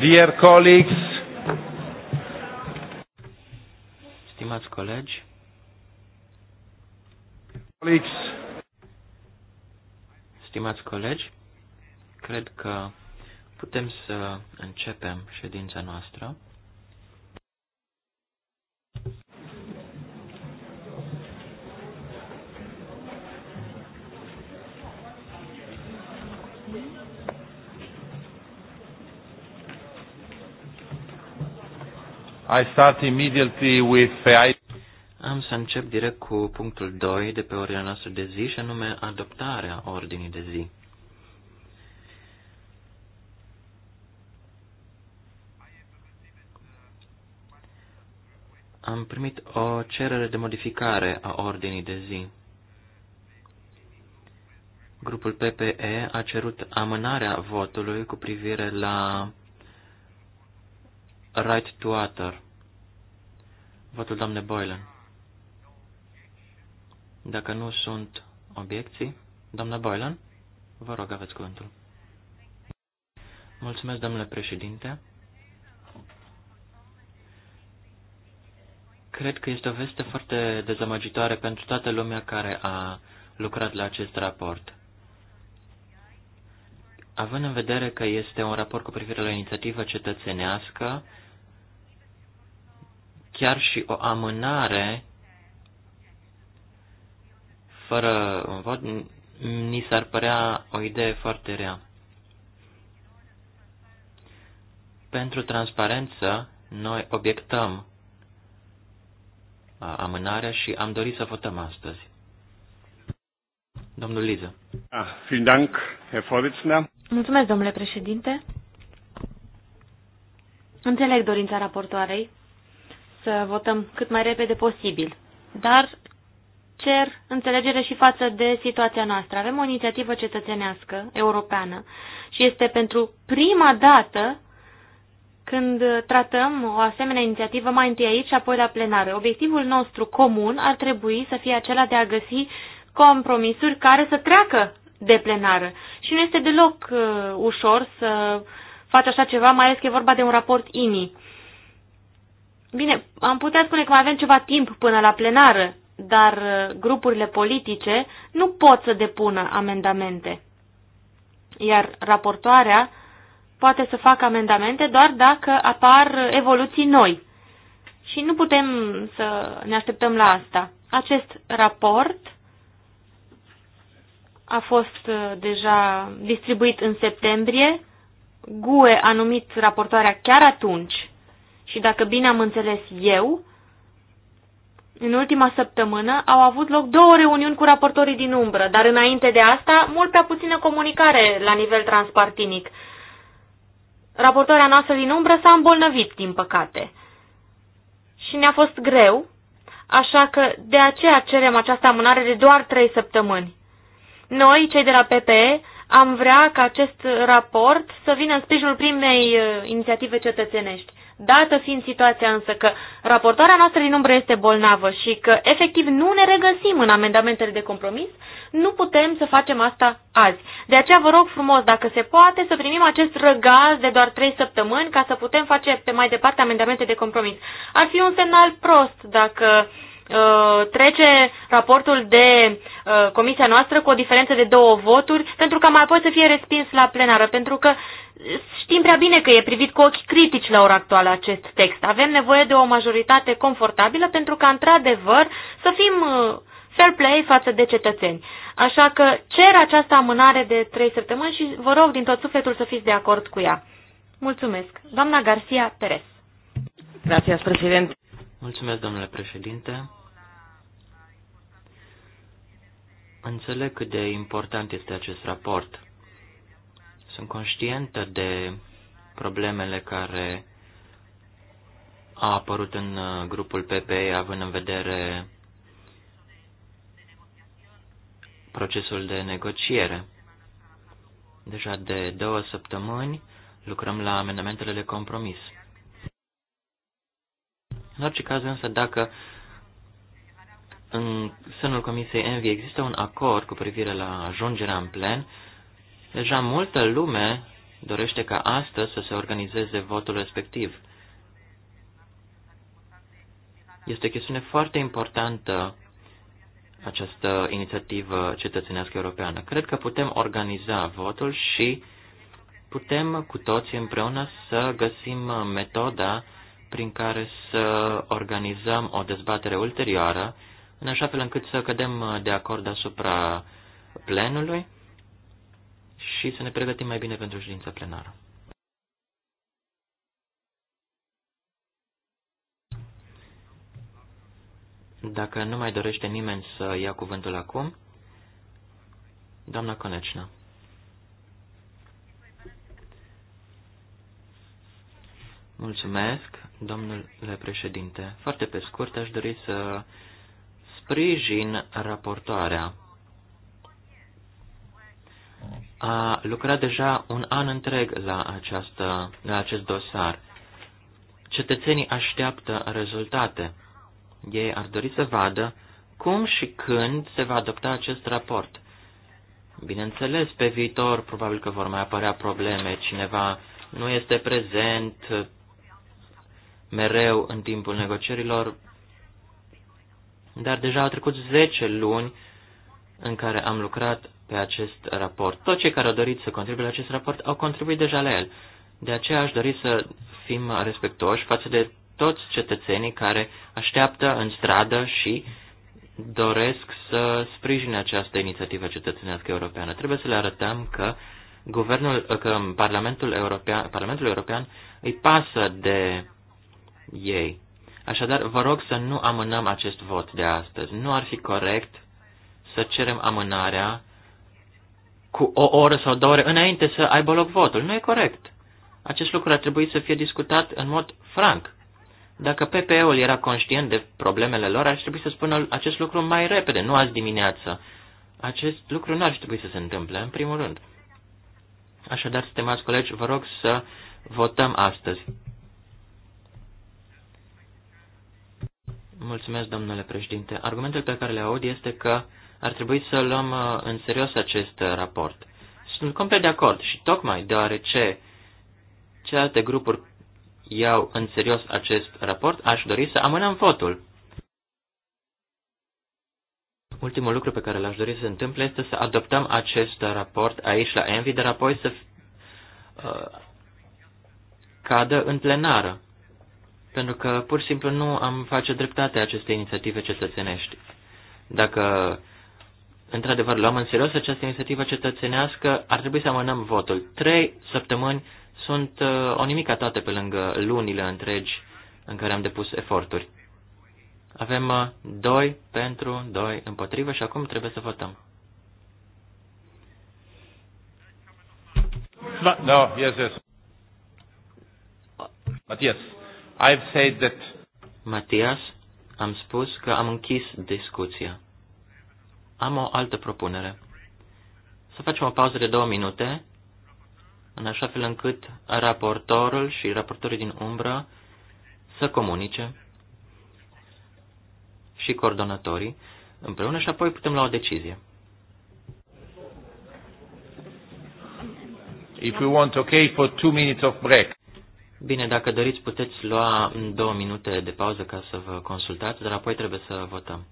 Dear colleagues, stimați colegi, colleagues, stimați colegi, cred că putem să începem ședința noastră. I start immediately with uh, I... Am să încep direct cu punctul 2 de pe ordinea noastră de zi, și anume adoptarea ordinii de zi. Am primit o cerere de modificare a ordinii de zi. Grupul PPE a cerut amânarea votului cu privire la right to water. Votul doamne Boylan. Dacă nu sunt obiecții, doamna Boylan, vă rog aveți cuvântul. Mulțumesc, domnule președinte. Cred că este o veste foarte dezamăgitoare pentru toată lumea care a lucrat la acest raport. Având în vedere că este un raport cu privire la o inițiativă cetățenească, chiar și o amânare fără vot ni s-ar părea o idee foarte rea. Pentru transparență, noi obiectăm amânarea și am dorit să votăm astăzi. Domnul Liză. Da, Mulțumesc, domnule președinte. Înțeleg dorința raportoarei să votăm cât mai repede posibil. Dar cer înțelegere și față de situația noastră. Avem o inițiativă cetățenească europeană și este pentru prima dată când tratăm o asemenea inițiativă mai întâi aici și apoi la plenară. Obiectivul nostru comun ar trebui să fie acela de a găsi compromisuri care să treacă de plenară. Și nu este deloc uh, ușor să faci așa ceva, mai ales că e vorba de un raport INI. Bine, am putea spune că mai avem ceva timp până la plenară, dar uh, grupurile politice nu pot să depună amendamente. Iar raportoarea poate să facă amendamente doar dacă apar evoluții noi. Și nu putem să ne așteptăm la asta. Acest raport a fost uh, deja distribuit în septembrie. GUE a numit raportoarea chiar atunci și dacă bine am înțeles eu, în ultima săptămână au avut loc două reuniuni cu raportorii din umbră, dar înainte de asta, mult prea puțină comunicare la nivel transpartinic. Raportoarea noastră din umbră s-a îmbolnăvit, din păcate. Și ne-a fost greu, așa că de aceea cerem această amânare de doar trei săptămâni. Noi, cei de la PPE, am vrea ca acest raport să vină în sprijinul primei uh, inițiative cetățenești. Dată fiind situația însă că raportoarea noastră din umbră este bolnavă și că efectiv nu ne regăsim în amendamentele de compromis, nu putem să facem asta azi. De aceea vă rog frumos, dacă se poate, să primim acest răgaz de doar trei săptămâni ca să putem face pe mai departe amendamente de compromis. Ar fi un semnal prost dacă uh, trece raportul de uh, comisia noastră cu o diferență de două voturi pentru ca mai apoi să fie respins la plenară, pentru că Știm prea bine că e privit cu ochi critici la ora actuală acest text. Avem nevoie de o majoritate confortabilă pentru ca, într-adevăr, să fim uh, fair play față de cetățeni. Așa că cer această amânare de trei săptămâni și vă rog din tot sufletul să fiți de acord cu ea. Mulțumesc. Doamna Garcia Perez. Gracias, președinte. Mulțumesc, domnule președinte. Înțeleg cât de important este acest raport. Sunt conștientă de problemele care au apărut în uh, grupul PPE, având în vedere procesul de negociere. Deja de două săptămâni lucrăm la amendamentele de compromis. În orice caz, însă, dacă în sânul Comisiei Envi există un acord cu privire la ajungerea în plen, Deja multă lume dorește ca astăzi să se organizeze votul respectiv. Este o chestiune foarte importantă această inițiativă cetățenească europeană. Cred că putem organiza votul și putem cu toții împreună să găsim metoda prin care să organizăm o dezbatere ulterioară, în așa fel încât să cădem de acord asupra plenului și să ne pregătim mai bine pentru ședința plenară. Dacă nu mai dorește nimeni să ia cuvântul acum, doamna Conecina. Mulțumesc, domnule președinte. Foarte pe scurt, aș dori să sprijin raportoarea a lucrat deja un an întreg la, această, la acest dosar. Cetățenii așteaptă rezultate. Ei ar dori să vadă cum și când se va adopta acest raport. Bineînțeles, pe viitor probabil că vor mai apărea probleme. Cineva nu este prezent mereu în timpul negocierilor, dar deja au trecut 10 luni în care am lucrat pe acest raport. Toți cei care au dorit să contribuie la acest raport au contribuit deja la el. De aceea aș dori să fim respectoși față de toți cetățenii care așteaptă în stradă și doresc să sprijine această inițiativă cetățenească europeană. Trebuie să le arătăm că guvernul, că Parlamentul European, Parlamentul European îi pasă de ei. Așadar, vă rog să nu amânăm acest vot de astăzi. Nu ar fi corect să cerem amânarea cu o oră sau două ore înainte să aibă loc votul. Nu e corect. Acest lucru ar trebui să fie discutat în mod franc. Dacă PPE-ul era conștient de problemele lor, ar trebui să spună acest lucru mai repede, nu azi dimineață. Acest lucru nu ar trebui să se întâmple, în primul rând. Așadar, stimați colegi, vă rog să votăm astăzi. Mulțumesc, domnule președinte. Argumentul pe care le aud este că ar trebui să luăm uh, în serios acest uh, raport. Sunt complet de acord și tocmai deoarece alte grupuri iau în serios acest raport, aș dori să amânăm votul. Ultimul lucru pe care l-aș dori să se întâmple este să adoptăm acest raport aici la Envi, dar apoi să uh, cadă în plenară. Pentru că pur și simplu nu am face dreptate aceste inițiative cetățenești. Dacă într-adevăr luăm în serios această inițiativă cetățenească, ar trebui să amânăm votul. Trei săptămâni sunt uh, o nimica toate pe lângă lunile întregi în care am depus eforturi. Avem uh, doi pentru, doi împotrivă și acum trebuie să votăm. No, da, da, yes, yes. Matias, I've said that... Matias, am spus că am închis discuția. Am o altă propunere. Să facem o pauză de două minute, în așa fel încât raportorul și raportorii din umbră să comunice și coordonatorii împreună și apoi putem lua o decizie. If you want, okay, for two minutes of break. Bine, dacă doriți, puteți lua două minute de pauză ca să vă consultați, dar apoi trebuie să votăm.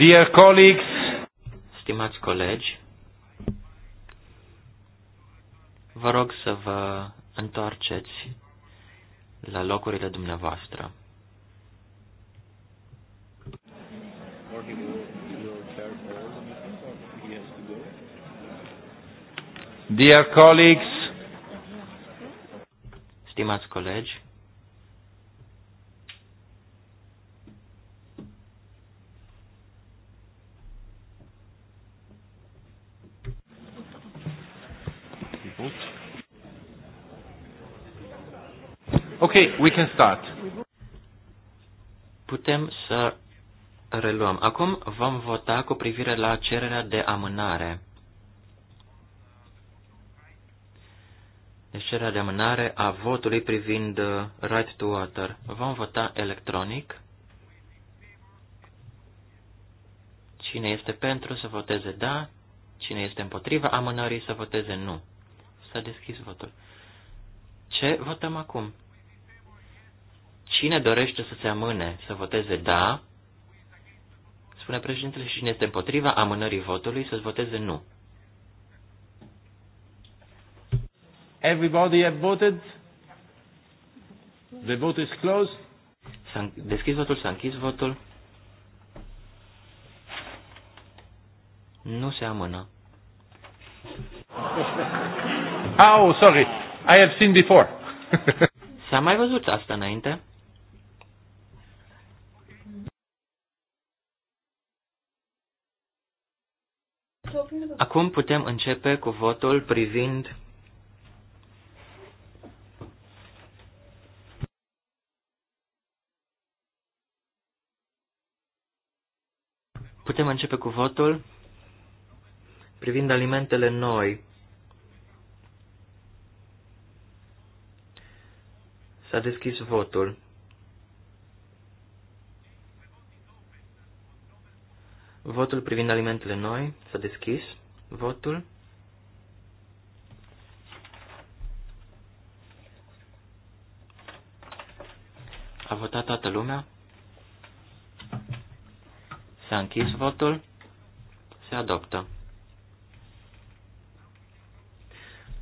Dear colleagues, stimați colegi, vă rog să vă întoarceți la locurile dumneavoastră. Dear colleagues, stimați colegi, Ok, we can start. Putem să reluăm. Acum vom vota cu privire la cererea de amânare. Deci cererea de amânare a votului privind uh, Right to Water. Vom vota electronic. Cine este pentru să voteze da, cine este împotriva amânării să voteze nu. S-a deschis votul. Ce votăm acum? Cine dorește să se amâne, să voteze da, spune președintele, și cine este împotriva amânării votului, să voteze nu. Everybody have voted? The vote is closed. S-a deschis votul, s-a închis votul. Nu se amână. Oh, sorry. I have seen before. S-a mai văzut asta înainte? Acum putem începe cu votul privind Putem începe cu votul privind alimentele noi. S-a deschis votul. Votul privind alimentele noi s-a deschis. Votul. A votat toată lumea. S-a închis votul. Se adoptă.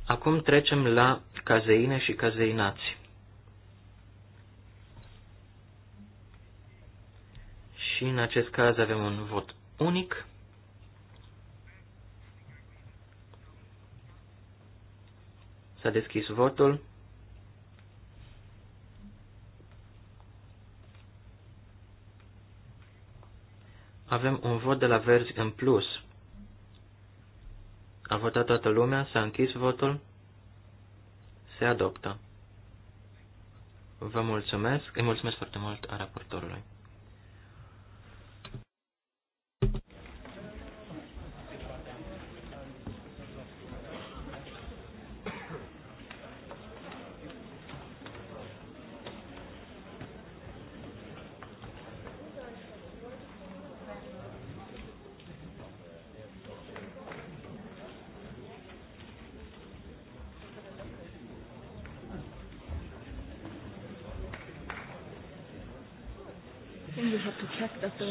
Acum trecem la cazeine și cazeinați. Și în acest caz avem un vot unic. S-a deschis votul. Avem un vot de la verzi în plus. A votat toată lumea, s-a închis votul, se adoptă. Vă mulțumesc, îi mulțumesc foarte mult a raportorului.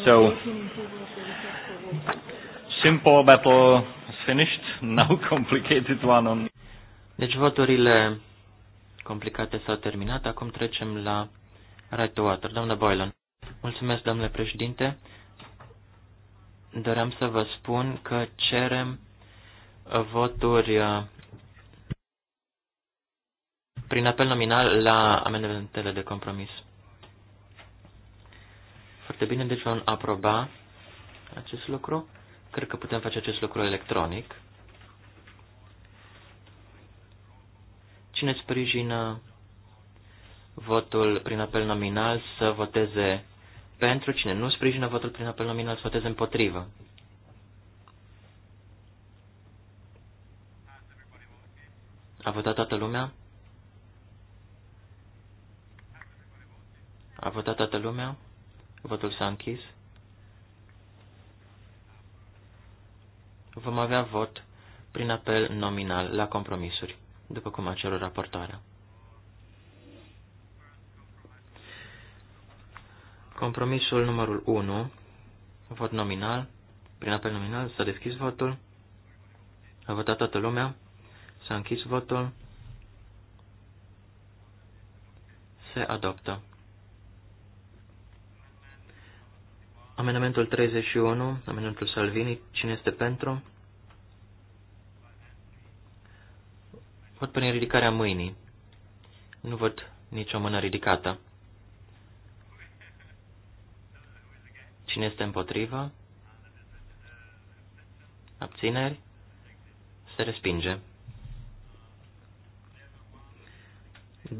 So, simple battle is finished, now complicated one on... Deci voturile complicate s-au terminat, acum trecem la Right to Water. Doamna Boylan, mulțumesc, domnule președinte. Doream să vă spun că cerem voturi uh, prin apel nominal la amendamentele de compromis. Foarte bine, deci vom aproba acest lucru. Cred că putem face acest lucru electronic. Cine sprijină votul prin apel nominal să voteze pentru, cine nu sprijină votul prin apel nominal să voteze împotrivă. A votat toată lumea? A votat toată lumea? Votul s-a închis. Vom avea vot prin apel nominal la compromisuri, după cum a cerut raportarea. Compromisul numărul 1, vot nominal, prin apel nominal s-a deschis votul, a votat toată lumea, s-a închis votul, se adoptă. Amendamentul 31, amendamentul Salvini, cine este pentru? Văd prin ridicarea mâinii. Nu văd nicio mână ridicată. Cine este împotrivă? Abțineri? Se respinge.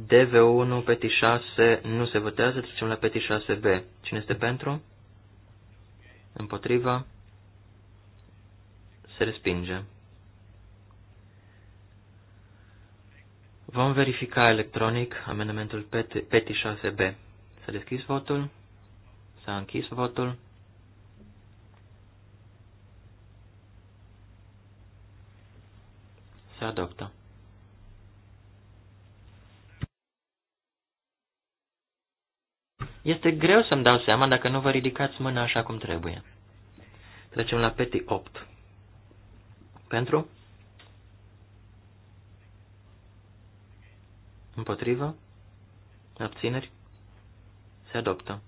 DV1, pt 6, nu se votează, trecem la pt 6B. Cine este pentru? împotriva, se respinge. Vom verifica electronic amendamentul pt 6B. S-a deschis votul, s-a închis votul. Se adoptă. Este greu să-mi dau seama dacă nu vă ridicați mâna așa cum trebuie. Trecem la peti 8. Pentru? Împotrivă? Abțineri? Se adoptă.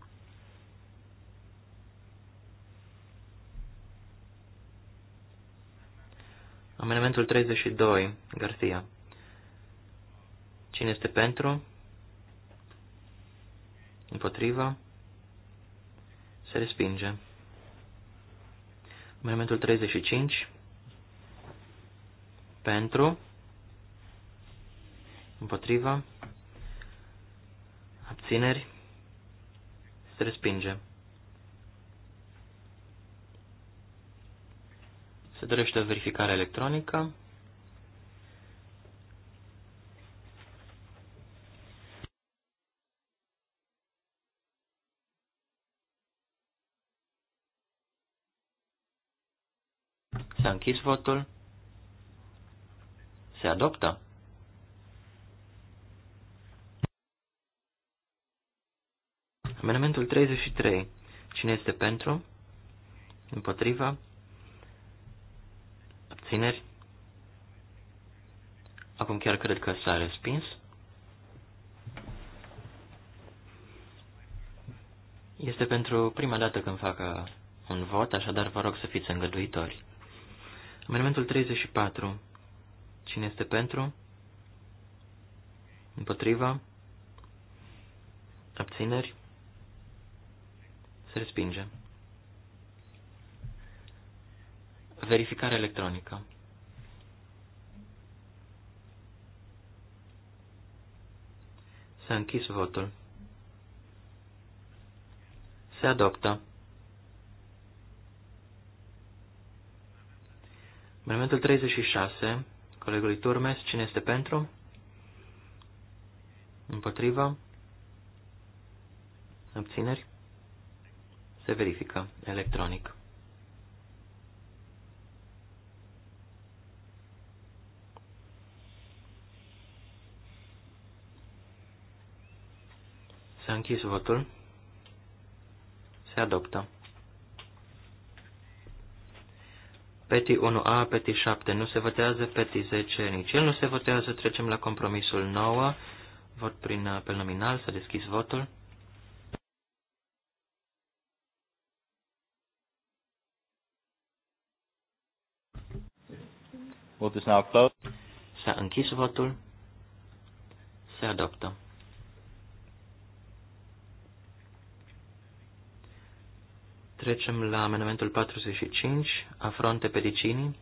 Amendamentul 32, Garcia. Cine este pentru? Împotriva. Se respinge. Amendamentul 35. Pentru. Împotriva. Abțineri. Se respinge. Se dorește verificare electronică. închis votul. Se adoptă. Amendamentul 33. Cine este pentru? Împotriva? Abțineri? Acum chiar cred că s-a respins. Este pentru prima dată când fac un vot, așadar vă rog să fiți îngăduitori. Amendamentul 34. Cine este pentru? Împotriva? Abțineri? Se respinge. Verificare electronică. S-a închis votul. Se adoptă. Amendamentul 36, colegului Turmes, cine este pentru? Împotriva? Abțineri? Se verifică electronic. S-a închis votul. Se adoptă. Peti 1A, peti 7 nu se votează, peti 10 nici el nu se votează. Trecem la compromisul 9. Vot prin apel nominal, s-a deschis votul. Votul s-a închis votul. Se adoptă. Trecem la amendamentul 45, afronte pedicini.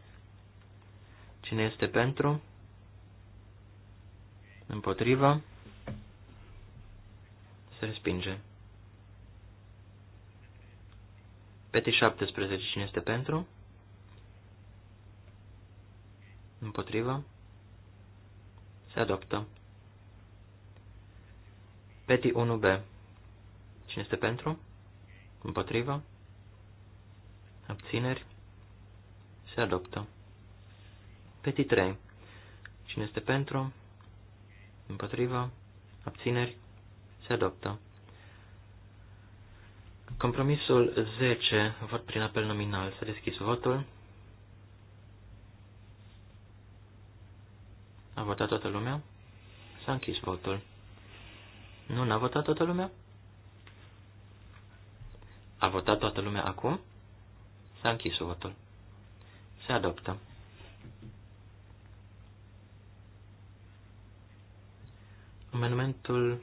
Cine este pentru? Împotriva? Se respinge. Peti 17, cine este pentru? Împotriva? Se adoptă. Peti 1b. Cine este pentru? Împotriva? abțineri, se adoptă. Petit 3. Cine este pentru, împotriva, abțineri, se adoptă. Compromisul 10, vot prin apel nominal. S-a deschis votul. A votat toată lumea? S-a închis votul. Nu n-a votat toată lumea? A votat toată lumea acum? S-a închis votul. Se adoptă. Amendamentul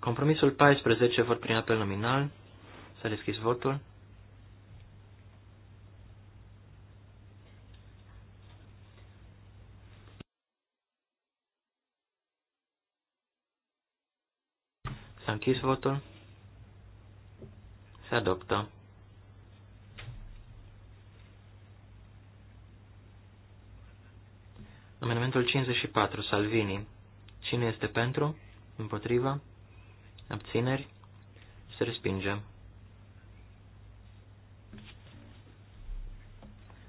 Compromisul 14, vot prin apel nominal. S-a deschis votul. S-a închis votul. Se adoptă. Amendamentul 54, Salvini. Cine este pentru? Împotriva? Abțineri? Se respinge.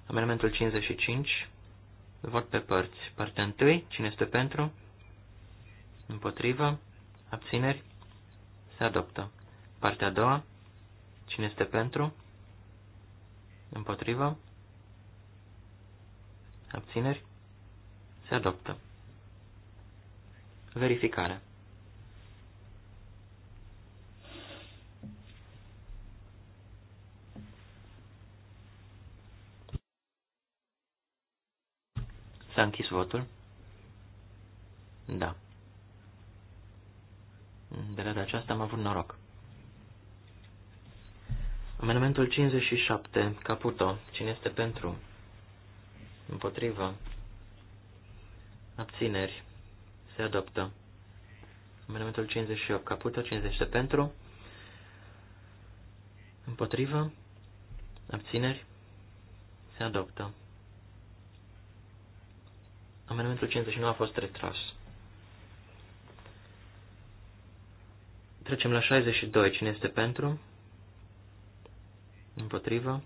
Amendamentul 55, vot pe părți. Partea 1, cine este pentru? Împotriva? Abțineri? Se adoptă. Partea a doua. Cine este pentru? Împotrivă? Abțineri? Se adoptă. Verificare. S-a închis votul? Da. De data aceasta am avut noroc. Amendamentul 57, Caputo. Cine este pentru? Împotrivă. Abțineri. Se adoptă. Amendamentul 58, Caputo. este pentru. Împotrivă. Abțineri. Se adoptă. Amendamentul 59 a fost retras. Trecem la 62. Cine este pentru? Împotrivă.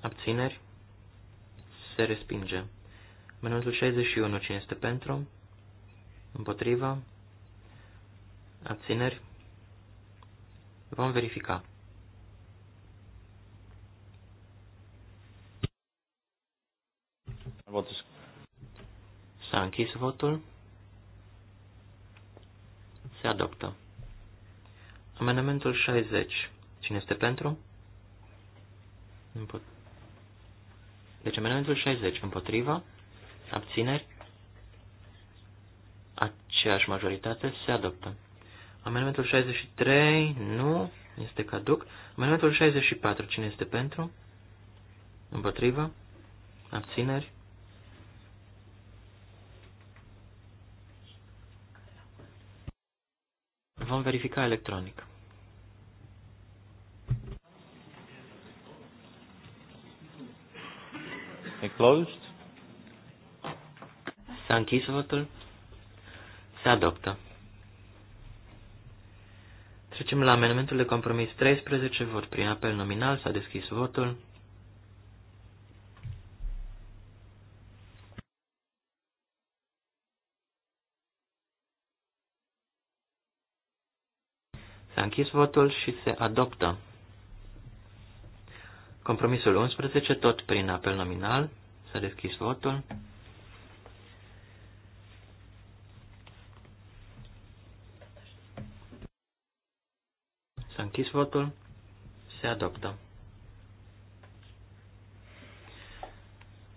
Abțineri. Se respinge. Amendamentul 61. Cine este pentru? Împotrivă. Abțineri. Vom verifica. S-a închis votul. Se adoptă. Amendamentul 60. Cine este pentru? Deci amendamentul 60 împotriva, abțineri, aceeași majoritate se adoptă. Amendamentul 63 nu este caduc. Amendamentul 64 cine este pentru? Împotriva, abțineri, verifica electronic. E closed. S-a închis votul. Se adoptă. Trecem la amendamentul de compromis 13, vot prin apel nominal, s-a deschis votul. S-a închis votul și se adoptă. Compromisul 11, tot prin apel nominal, s-a deschis votul. S-a închis votul, se adoptă.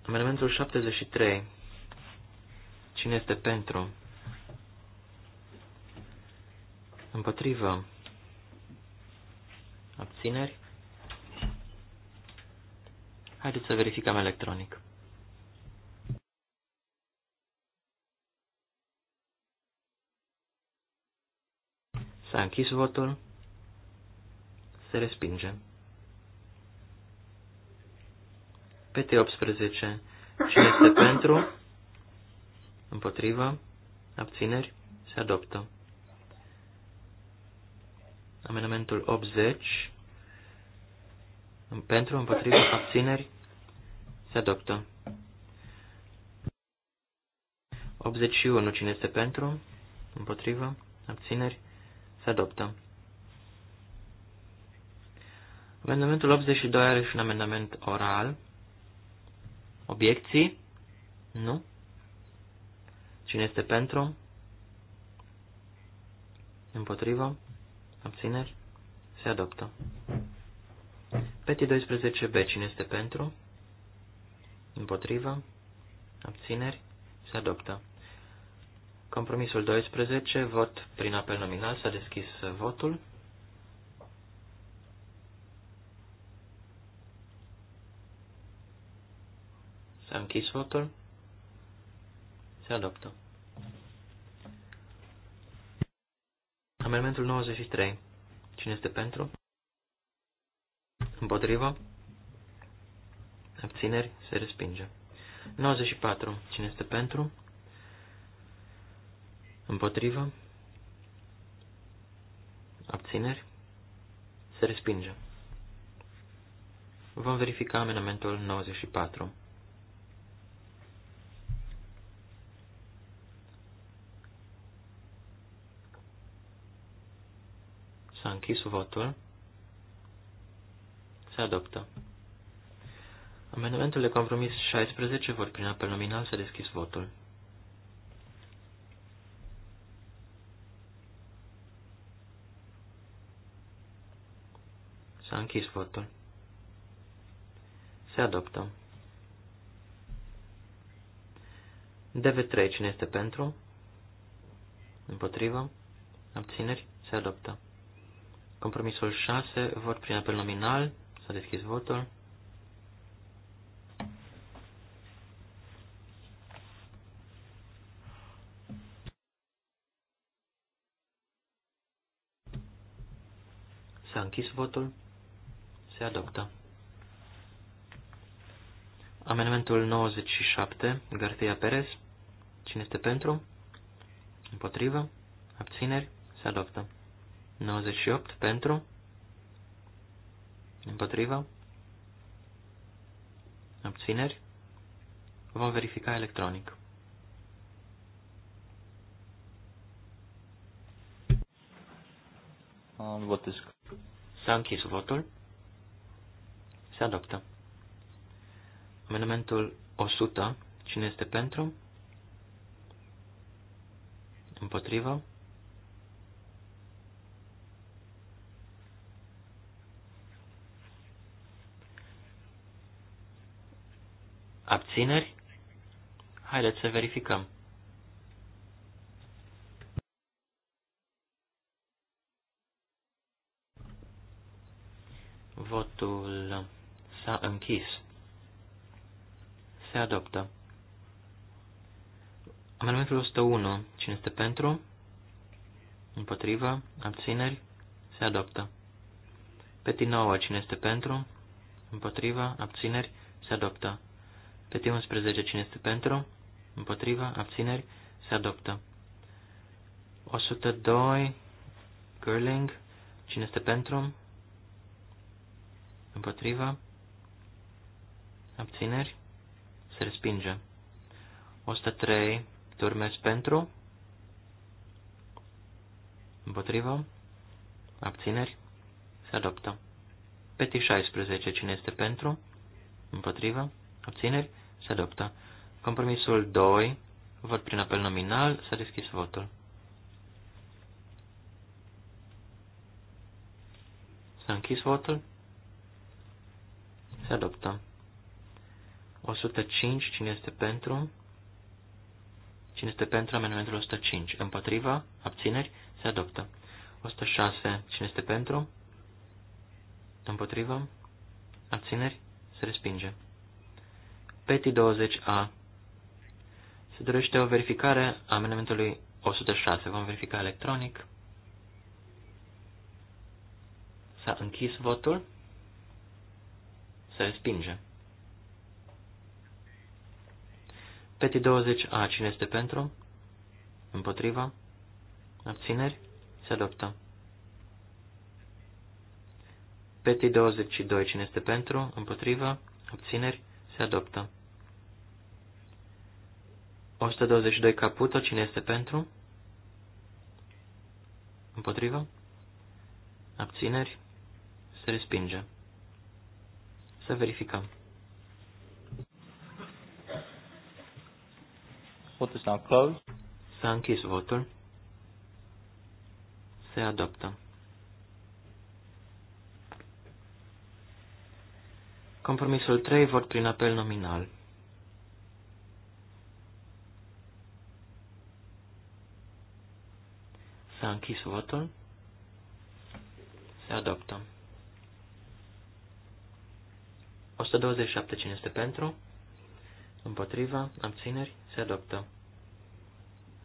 Amendamentul 73. Cine este pentru? Împotrivă. Abțineri? Haideți să verificăm electronic. S-a închis votul. Se respinge. PT18. Cine este pentru? Împotrivă? Abțineri? Se adoptă. Amendamentul 80. Pentru, împotriva, abțineri, se adoptă. 81. Cine este pentru, împotriva, abțineri, se adoptă. Amendamentul 82 are și un amendament oral. Obiecții? Nu? Cine este pentru? Împotrivă? Abțineri? Se adoptă. Peti 12b. Cine este pentru? Împotrivă? Abțineri? Se adoptă. Compromisul 12. Vot prin apel nominal. S-a deschis votul. S-a închis votul. Se adoptă. Amendamentul 93. Cine este pentru? Împotrivă? Abțineri? Se respinge. 94. Cine este pentru? Împotrivă? Abțineri? Se respinge. Vom verifica amendamentul 94. S-a închis votul. Se adoptă. Amendamentul de compromis 16, vor prin apel nominal, să deschis votul. S-a închis votul. Se adoptă. DV3, cine este pentru? Împotrivă? Abțineri? Se adoptă. Compromisul 6, vot prin apel nominal. S-a deschis votul. S-a închis votul. Se adoptă. Amendamentul 97, Garcia Perez. Cine este pentru? Împotrivă? Abțineri? Se adoptă. 98 pentru, împotriva, abțineri, vom verifica electronic. Votez. S-a închis votul. Se adoptă. Amendamentul 100. Cine este pentru? Împotriva? Abțineri? Haideți să verificăm. Votul s-a închis. Se adoptă. Amendamentul 101. Cine este pentru? Împotriva? Abțineri? Se adoptă. Peti 9. Cine este pentru? Împotriva? Abțineri? Se adoptă. Peti 11, cine este pentru? Împotriva, abțineri, se adoptă. 102, curling, cine este pentru? Împotriva, abțineri, se respinge. 103, turmes pentru? Împotriva, abțineri, se adoptă. Peti 16, cine este pentru? Împotriva, Abțineri? Se adoptă. Compromisul 2. Vot prin apel nominal. S-a deschis votul. S-a închis votul. Se adoptă. 105. Cine este pentru? Cine este pentru amendamentul 105? Împotriva? Abțineri? Se adoptă. 106. Cine este pentru? Împotriva? Abțineri? Se respinge. PETI 20A. Se dorește o verificare a amendamentului 106. Vom verifica electronic. S-a închis votul. Se respinge. Peti 20A. Cine este pentru? Împotriva? Abțineri? Se adoptă. Peti 22. Cine este pentru? Împotriva? Abțineri? Se adoptă. 122 Caputo, cine este pentru? Împotrivă? Abțineri? Se respinge. Să verificăm. Votul s-a closed. S-a închis votul. Se adoptă. Compromisul 3, vot prin apel nominal. S-a închis votul. Se adoptă. 127 cine este pentru, împotriva, abțineri, se adoptă.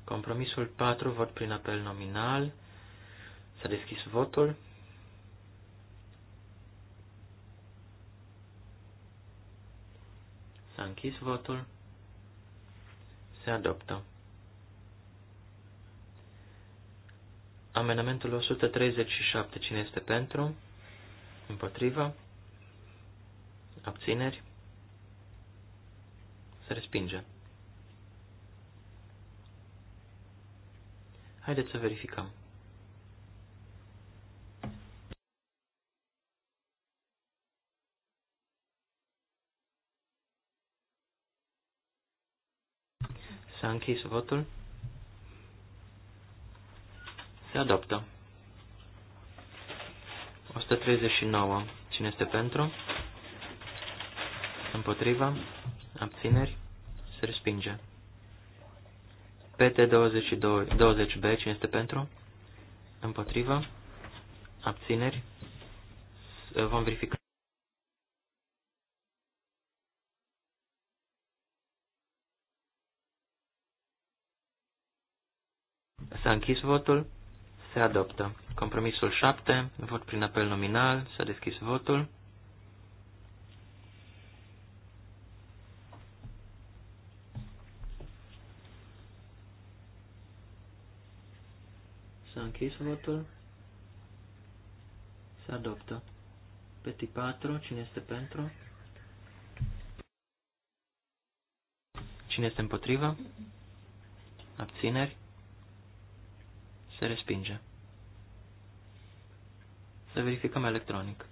Compromisul 4, vot prin apel nominal, s-a deschis votul. S-a închis votul. Se adoptă. Amendamentul 137, cine este pentru? Împotriva? Abțineri? Se respinge. Haideți să verificăm. S-a închis votul. Se adoptă. 139. Cine este pentru? Împotriva? Abțineri? Se respinge. PT 22, 20B. Cine este pentru? Împotriva? Abțineri? Vom verifica. S-a închis votul. Se adoptă. Compromisul 7, vot prin apel nominal, s-a deschis votul. S-a închis votul. Se adoptă. Peti 4, cine este pentru? Cine este împotrivă? Abțineri? Se respinge. Să verificăm electronic.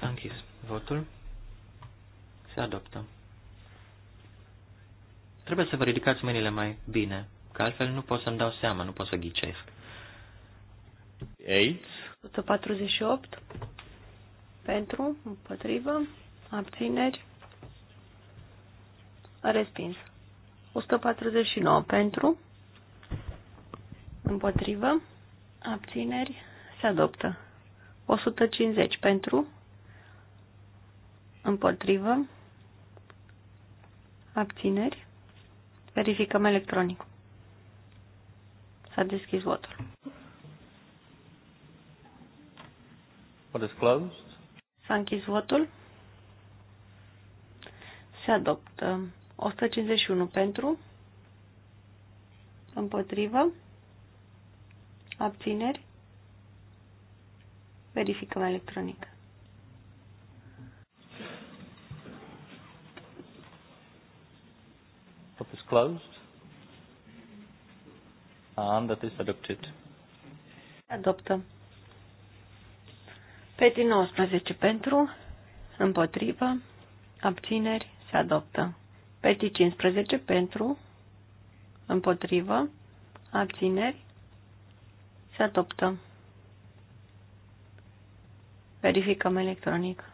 S-a închis votul. Se adoptă. Trebuie să vă ridicați mâinile mai bine, că altfel nu pot să-mi dau seama, nu pot să ghicesc. 8. 148. Pentru, împotrivă, abțineri, Respins. 149 pentru. Împotrivă. Abțineri. Se adoptă. 150 pentru. Împotrivă. Abțineri. Verificăm electronic. S-a deschis votul. is closed? S-a închis votul. Se adoptă 151 pentru, împotrivă, abțineri, verificăm electronic. Vote is closed. And that is adopted. Adoptă. Peti 19 pentru, împotrivă, abțineri, se adoptă. Peti 15 pentru, împotrivă, abțineri, se adoptă. Verificăm electronic.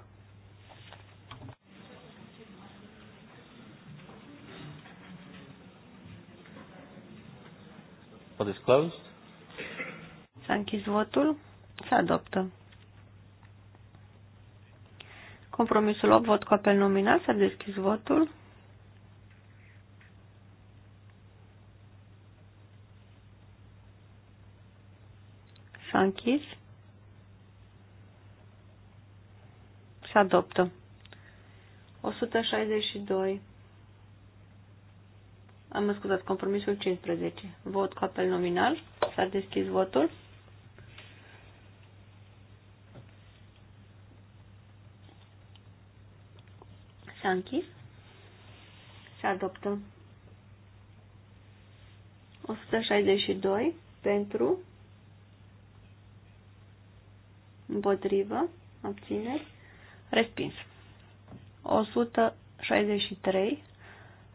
S-a închis votul. Se adoptă. Compromisul 8, vot cu apel nominal, s-a deschis votul. închis. și adoptă. 162. Am scuzat compromisul 15. Vot cu apel nominal. S-a deschis votul. S-a închis. Se adoptă. 162 pentru Împotrivă. Abțineri. Respins. 163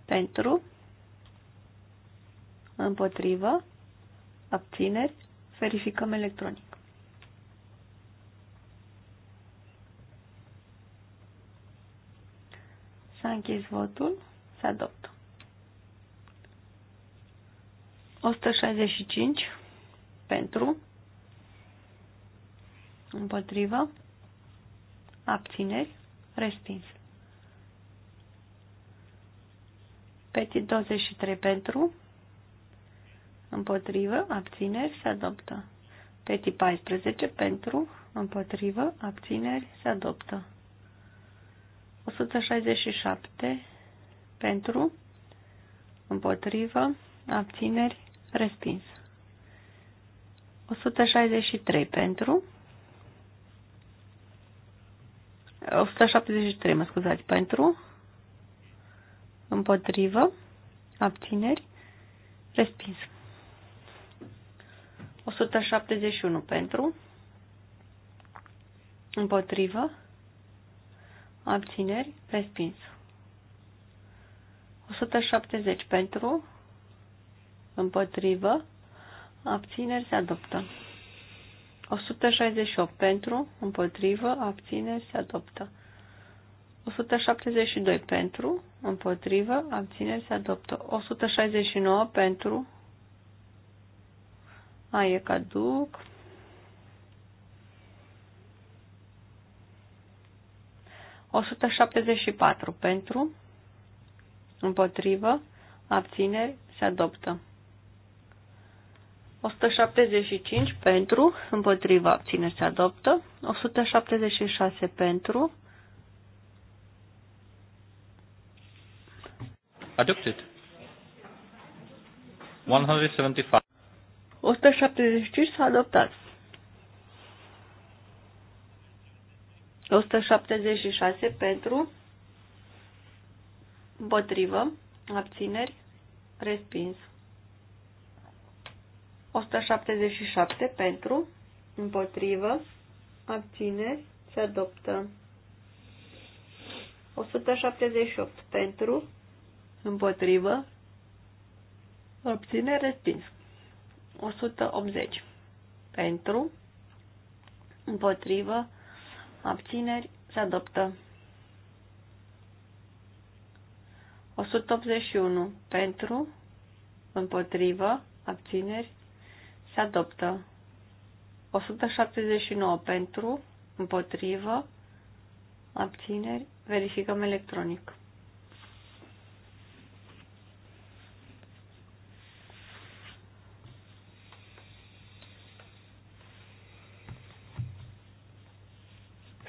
pentru. Împotrivă. Abțineri. Verificăm electronic. S-a închis votul. Se adoptă. 165 pentru. Împotrivă. Abțineri. Respins. Petit 23 pentru. Împotrivă. Abțineri. Se adoptă. Petit 14 pentru. Împotrivă. Abțineri. Se adoptă. 167 pentru. Împotrivă. Abțineri. Respins. 163 pentru 173, mă scuzați, pentru, împotrivă, abțineri, respins. 171 pentru, împotrivă, abțineri, respins. 170 pentru, împotrivă, abțineri, se adoptă. 168 pentru, împotrivă, abțineri, se adoptă. 172 pentru, împotrivă, abțineri, se adoptă. 169 pentru, a, e caduc. O 174 pentru, împotrivă, abțineri, se adoptă. 175 pentru, împotriva abțineri se adoptă, 176 pentru. Adopted. 175. 175 s-a adoptat. 176 pentru, împotrivă, abțineri, respins. 177 pentru, împotrivă, abține, se adoptă. 178 pentru, împotrivă, obține respins. 180 pentru, împotrivă, abțineri, se adoptă. 181 pentru, împotrivă, abțineri, se adoptă. 179 pentru, împotrivă, abțineri, verificăm electronic.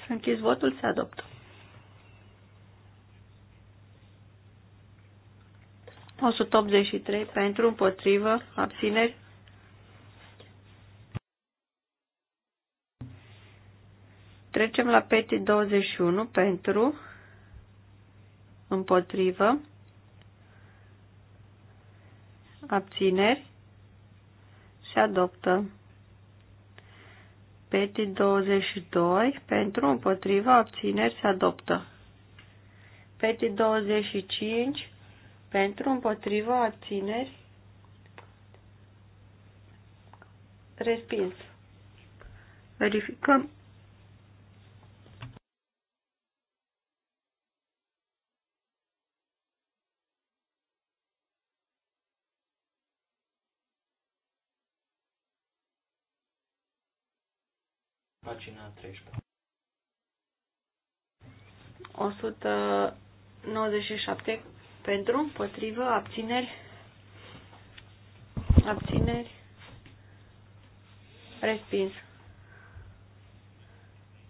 Să închizi votul, se adoptă. 183 pentru, împotrivă, abțineri, Trecem la peti 21 pentru împotrivă abțineri se adoptă. Peti 22 pentru împotrivă abțineri se adoptă. Peti 25 pentru împotrivă abțineri respins. Verificăm pagina 13. 197 pentru, împotrivă, abțineri, abțineri, respins.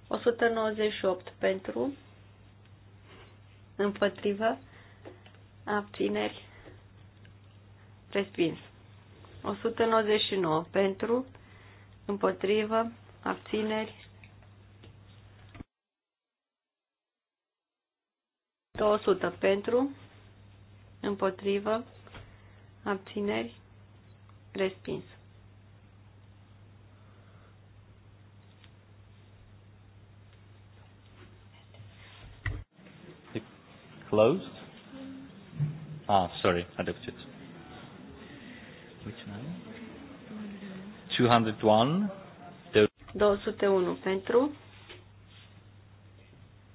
198 pentru, împotrivă, abțineri, respins. 199 pentru, împotrivă, abțineri, 200 pentru, împotrivă, abțineri, respins. Closed? Ah, sorry, adopted. Which one? 201. 201 pentru,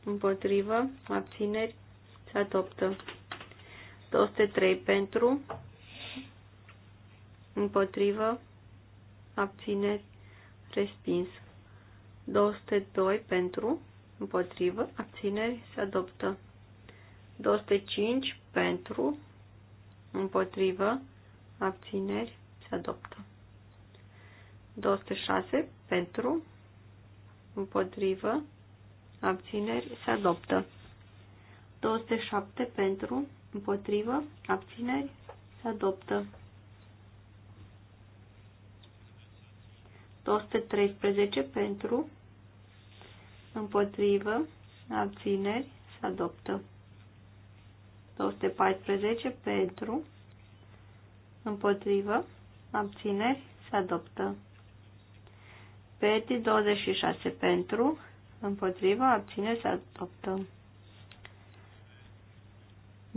împotrivă, abțineri, se adoptă. 203 pentru. Împotrivă. Abțineri. Respins. 202 pentru. Împotrivă. Abțineri. Se adoptă. 205 pentru. Împotrivă. Abțineri. Se adoptă. 206 pentru. Împotrivă. Abțineri. Se adoptă. 207 pentru, împotrivă, abțineri, se adoptă. 213 pentru, împotrivă, abțineri, se adoptă. 214 pentru, împotrivă, abțineri, se adoptă. Peti 26 pentru, împotrivă, abțineri, se adoptă.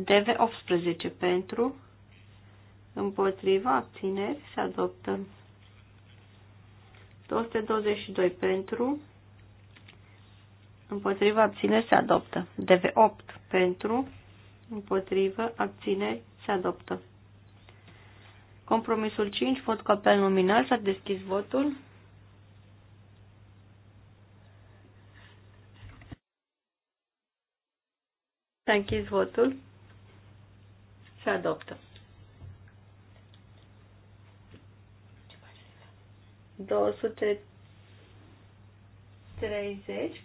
DV18 pentru, împotriva, abțineri, se adoptă. 222 pentru, împotriva, abțineri, se adoptă. DV8 pentru, împotriva, abțineri, se adoptă. Compromisul 5, vot cu apel nominal, s-a deschis votul. S-a închis votul. Se adoptă. 230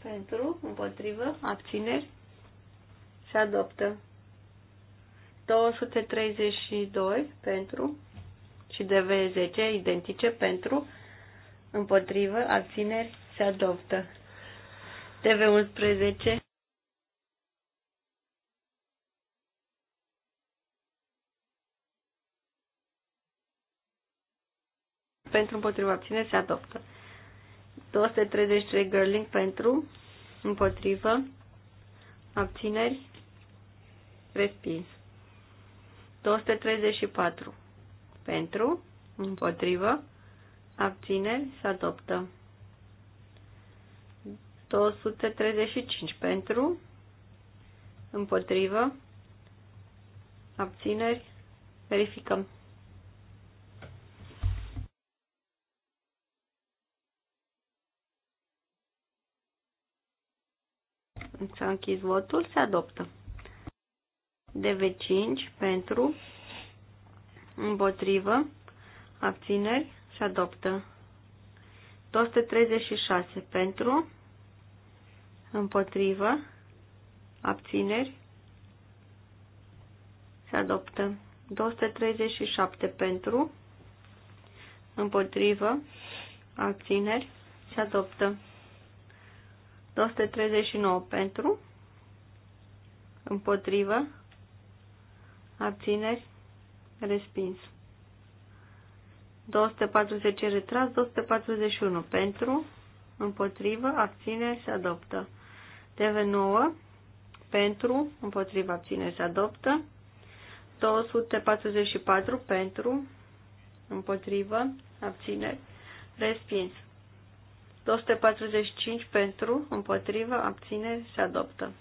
pentru, împotrivă, abțineri, se adoptă. 232 pentru și DV10 identice pentru, împotrivă, abțineri, se adoptă. DV11 pentru împotriva abțineri se adoptă. 233 Girling pentru împotrivă abțineri respins. 234 pentru împotrivă abțineri se adoptă. 235 pentru împotrivă abțineri verificăm. S-a închis votul, se adoptă. DV5 pentru, împotrivă, abțineri, se adoptă. 236 pentru, împotrivă, abțineri, se adoptă. 237 pentru, împotrivă, abțineri, se adoptă. 239 pentru, împotrivă, abțineri, respins. 240 retras, 241 pentru, împotrivă, abțineri, se adoptă. TV9 pentru, împotrivă, abțineri, se adoptă. 244 pentru, împotrivă, abțineri, respins. 245 pentru, împotrivă, abțineri, se adoptă.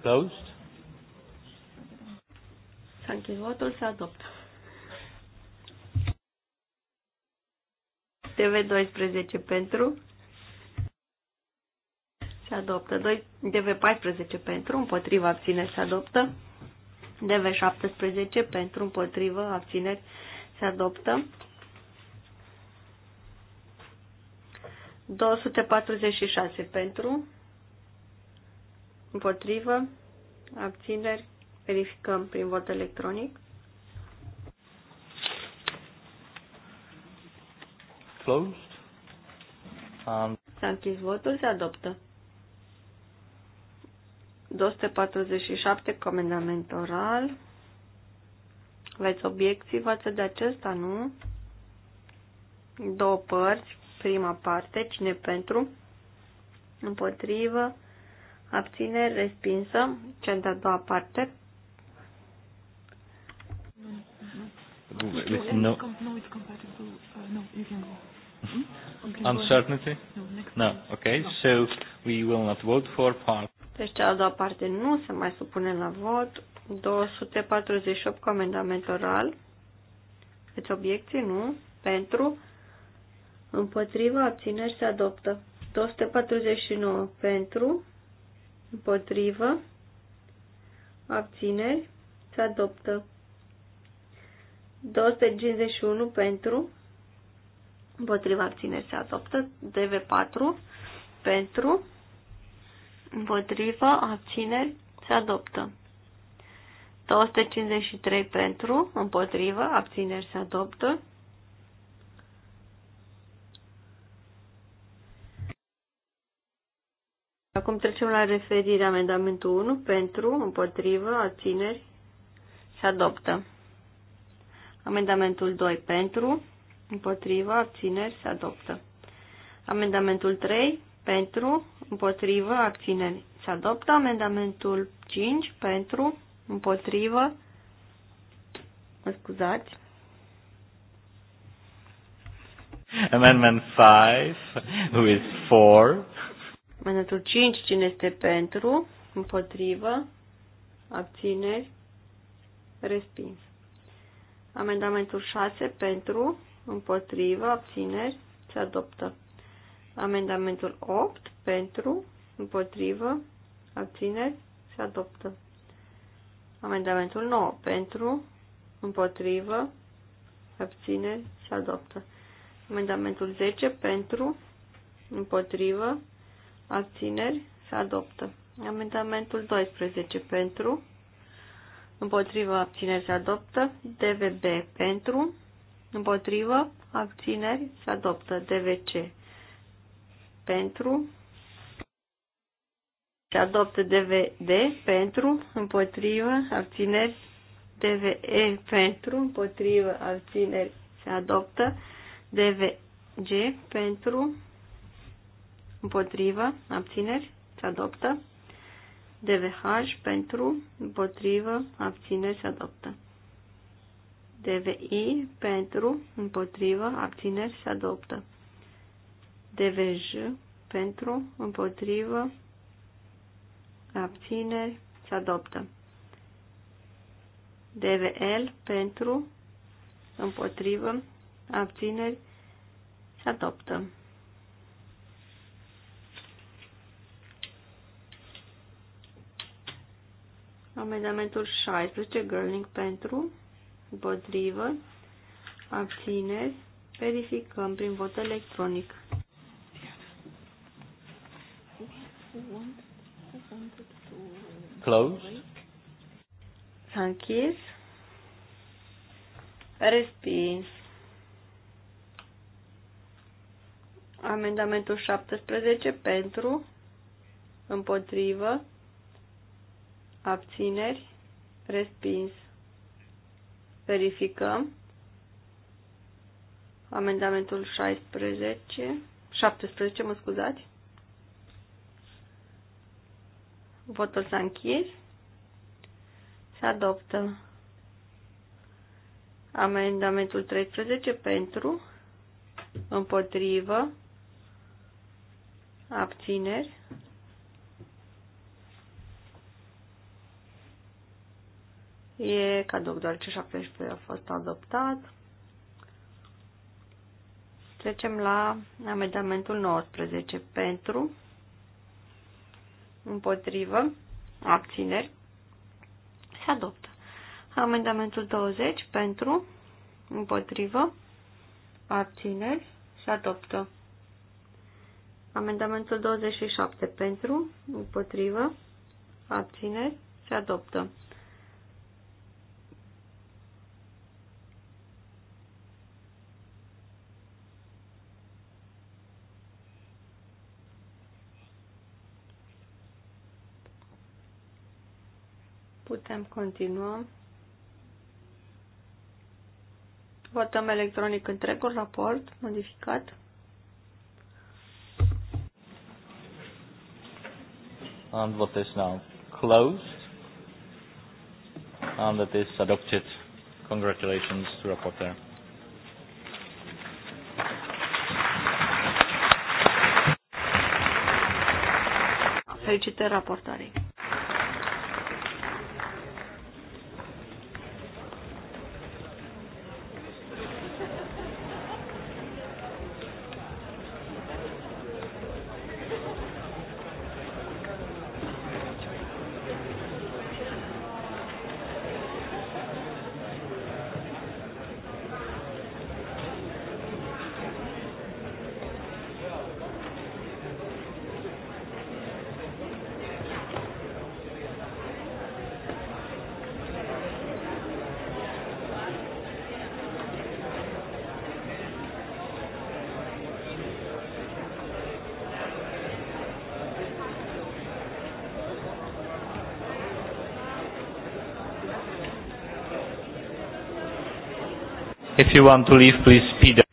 Closed. S-a închis votul, se adoptă. TV12 pentru. Se adoptă. 2, TV14 pentru, împotriva abține, se adoptă. DV17 pentru împotrivă abțineri se adoptă. 246 pentru împotrivă abțineri verificăm prin vot electronic. Closed. Um... S-a închis votul, se adoptă. 247 comandament oral. Aveți obiecții față de acesta, nu? Două părți. Prima parte, cine pentru? Împotrivă. abține, respinsă. Cea de-a doua parte. No. Uh, hmm? Uncertainty? No, okay. So we will not vote for part deci cea a doua parte nu se mai supune la vot. 248 cu amendament oral. Deci obiecții nu. Pentru. Împotriva abțineri se adoptă. 249 pentru. Împotrivă. Abțineri se adoptă. 251 pentru. Împotriva abțineri se adoptă. DV4 pentru Împotrivă, abțineri, se adoptă. 253 pentru, împotrivă, abțineri se adoptă. Acum trecem la referire amendamentul 1 pentru, împotrivă, abțineri se adoptă. Amendamentul 2 pentru, împotrivă, abțineri se adoptă. Amendamentul 3 pentru, împotrivă, abțineri. Se adoptă amendamentul 5 pentru, împotrivă, mă scuzați. Amendment 5, who is for? Amendamentul 5, cine este pentru, împotrivă, abțineri, respins. Amendamentul 6, pentru, împotrivă, abțineri, se adoptă. Amendamentul 8, pentru, împotrivă, abțineri, se adoptă. Amendamentul 9 pentru, împotrivă, abțineri, se adoptă. Amendamentul 10 pentru, împotrivă, abțineri, se adoptă. Amendamentul 12 pentru, împotrivă, abțineri, se adoptă. DVB pentru, împotrivă, abțineri, se adoptă. DVC pentru, se adoptă DVD pentru, împotrivă, abțineri, DVE pentru, împotrivă, abțineri, se adoptă DVG pentru, împotrivă, abțineri, se adoptă DVH pentru, împotrivă, abțineri, se adoptă. DVI pentru, împotrivă, abțineri, se adoptă. DVJ pentru, împotrivă, abțineri, se adoptă. DVL pentru, împotrivă, abțineri, se adoptă. Amendamentul 16, Girling pentru, împotrivă, abțineri, verificăm prin vot electronic. One. Close. S-a închis. Respins. Amendamentul 17 pentru, împotrivă, abțineri, respins. Verificăm. Amendamentul 16, 17, mă scuzați. Votul s-a închis. Se adoptă amendamentul 13 pentru, împotrivă, abțineri. E cadou doar ce 17 a fost adoptat. Trecem la amendamentul 19 pentru, împotrivă, abțineri, se adoptă. Amendamentul 20 pentru, împotrivă, abțineri, se adoptă. Amendamentul 27 pentru, împotrivă, abțineri, se adoptă. Putem continua. Votăm electronic întregul raport modificat. And what is now closed. And that is adopted. Congratulations to reporter. Felicitări raportoarei. If you want to leave, please speed up.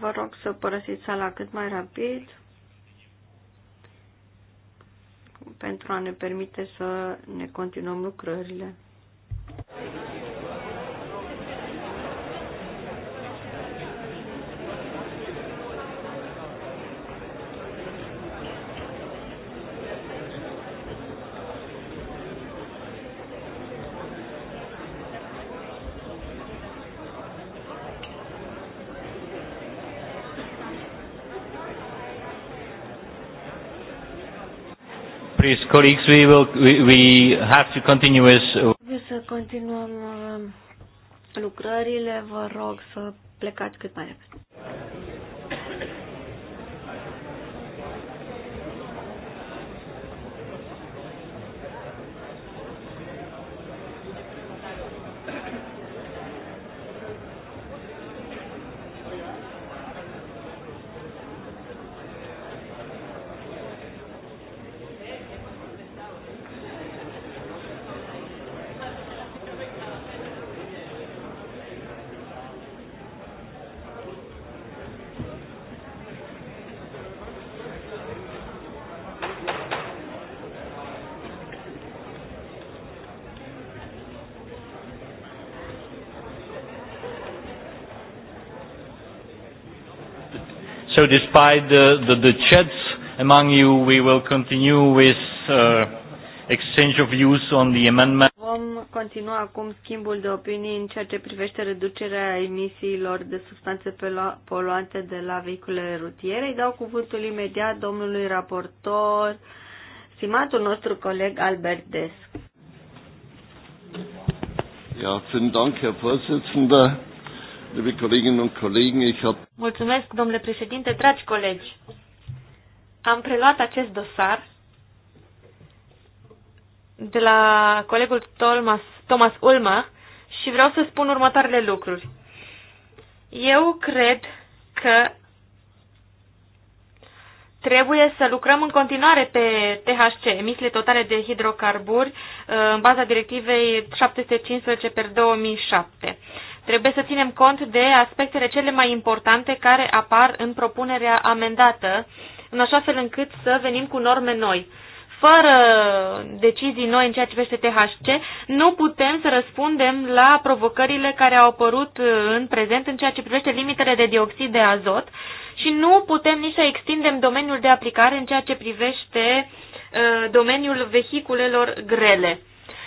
Vă rog să părăsiți sala cât mai rapid pentru a ne permite să ne continuăm lucrările. Colleagues, we will we, we have to continue with. Trebuie uh, să continuăm uh, lucrările. Vă rog să plecați cât mai repede. So despite the, the, the chats among you, we will continue with uh, exchange of views on the amendment. Vom continua acum schimbul de opinii în ceea ce privește reducerea emisiilor de substanțe poluante de la vehiculele rutiere. Îi dau cuvântul imediat domnului raportor, stimatul nostru coleg Albert Desc. Ja, vielen Dank, Herr Vorsitzender liebe Kolleginnen und Kollegen, ich habe... Mulțumesc, domnule președinte, dragi colegi. Am preluat acest dosar de la colegul Thomas, Thomas Ulmer și vreau să spun următoarele lucruri. Eu cred că trebuie să lucrăm în continuare pe THC, emisiile totale de hidrocarburi, uh, în baza directivei 715 2007. Trebuie să ținem cont de aspectele cele mai importante care apar în propunerea amendată, în așa fel încât să venim cu norme noi. Fără decizii noi în ceea ce privește THC, nu putem să răspundem la provocările care au apărut uh, în prezent în ceea ce privește limitele de dioxid de azot și nu putem nici să extindem domeniul de aplicare în ceea ce privește uh, domeniul vehiculelor grele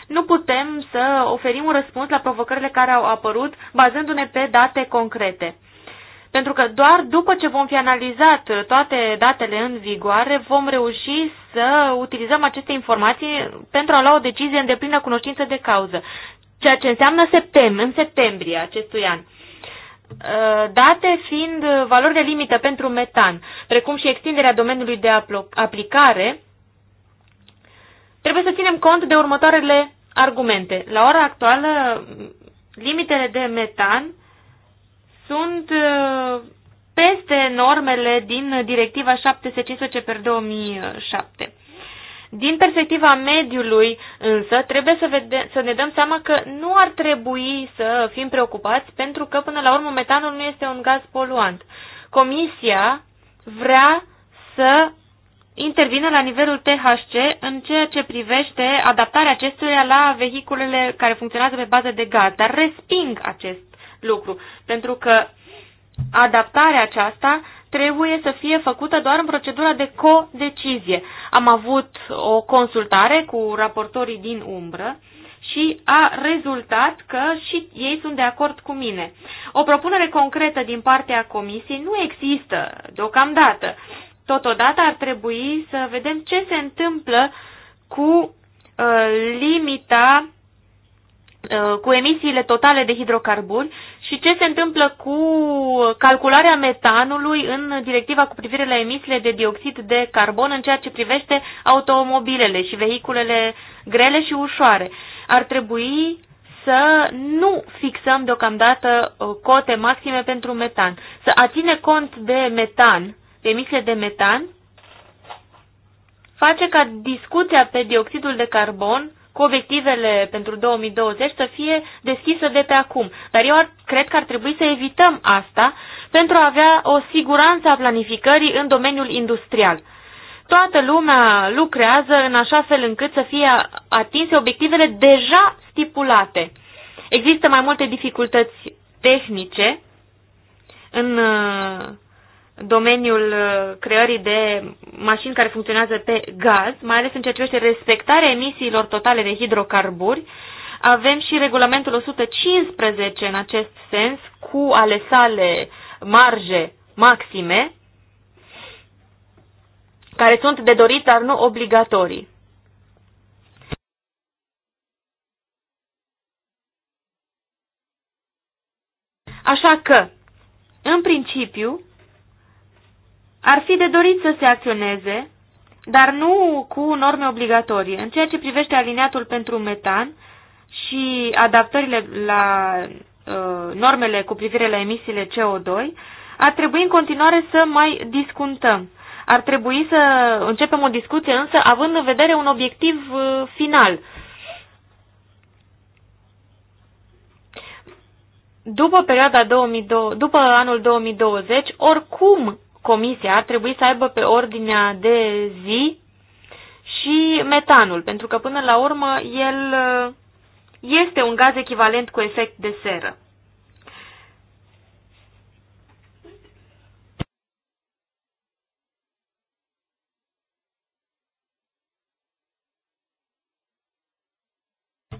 nu putem să oferim un răspuns la provocările care au apărut bazându-ne pe date concrete. Pentru că doar după ce vom fi analizat toate datele în vigoare, vom reuși să utilizăm aceste informații pentru a lua o decizie în deplină cunoștință de cauză, ceea ce înseamnă septem, în septembrie acestui an uh, date fiind de limită pentru metan, precum și extinderea domeniului de aplicare, Trebuie să ținem cont de următoarele argumente. La ora actuală, limitele de metan sunt uh, peste normele din directiva 715 per 2007. Din perspectiva mediului, însă, trebuie să, vede- să ne dăm seama că nu ar trebui să fim preocupați pentru că, până la urmă, metanul nu este un gaz poluant. Comisia vrea să intervine la nivelul THC în ceea ce privește adaptarea acestuia la vehiculele care funcționează pe bază de gaz, dar resping acest lucru, pentru că adaptarea aceasta trebuie să fie făcută doar în procedura de co-decizie. Am avut o consultare cu raportorii din umbră și a rezultat că și ei sunt de acord cu mine. O propunere concretă din partea comisiei nu există deocamdată. Totodată ar trebui să vedem ce se întâmplă cu uh, limita uh, cu emisiile totale de hidrocarburi și ce se întâmplă cu calcularea metanului în directiva cu privire la emisiile de dioxid de carbon în ceea ce privește automobilele și vehiculele grele și ușoare. Ar trebui să nu fixăm deocamdată uh, cote maxime pentru metan, să aține ține cont de metan emise de metan face ca discuția pe dioxidul de carbon cu obiectivele pentru 2020 să fie deschisă de pe acum. Dar eu ar, cred că ar trebui să evităm asta pentru a avea o siguranță a planificării în domeniul industrial. Toată lumea lucrează în așa fel încât să fie atinse obiectivele deja stipulate. Există mai multe dificultăți tehnice în uh, domeniul uh, creării de mașini care funcționează pe gaz, mai ales în ceea ce privește respectarea emisiilor totale de hidrocarburi. Avem și regulamentul 115 în acest sens, cu ale sale marje maxime, care sunt de dorit, dar nu obligatorii. Așa că, în principiu, ar fi de dorit să se acționeze, dar nu cu norme obligatorie. În ceea ce privește aliniatul pentru metan și adaptările la uh, normele cu privire la emisiile CO2, ar trebui în continuare să mai discutăm. Ar trebui să începem o discuție, însă având în vedere un obiectiv uh, final. După perioada 2002, după anul 2020, oricum Comisia ar trebui să aibă pe ordinea de zi și metanul, pentru că până la urmă el uh, este un gaz echivalent cu efect de seră.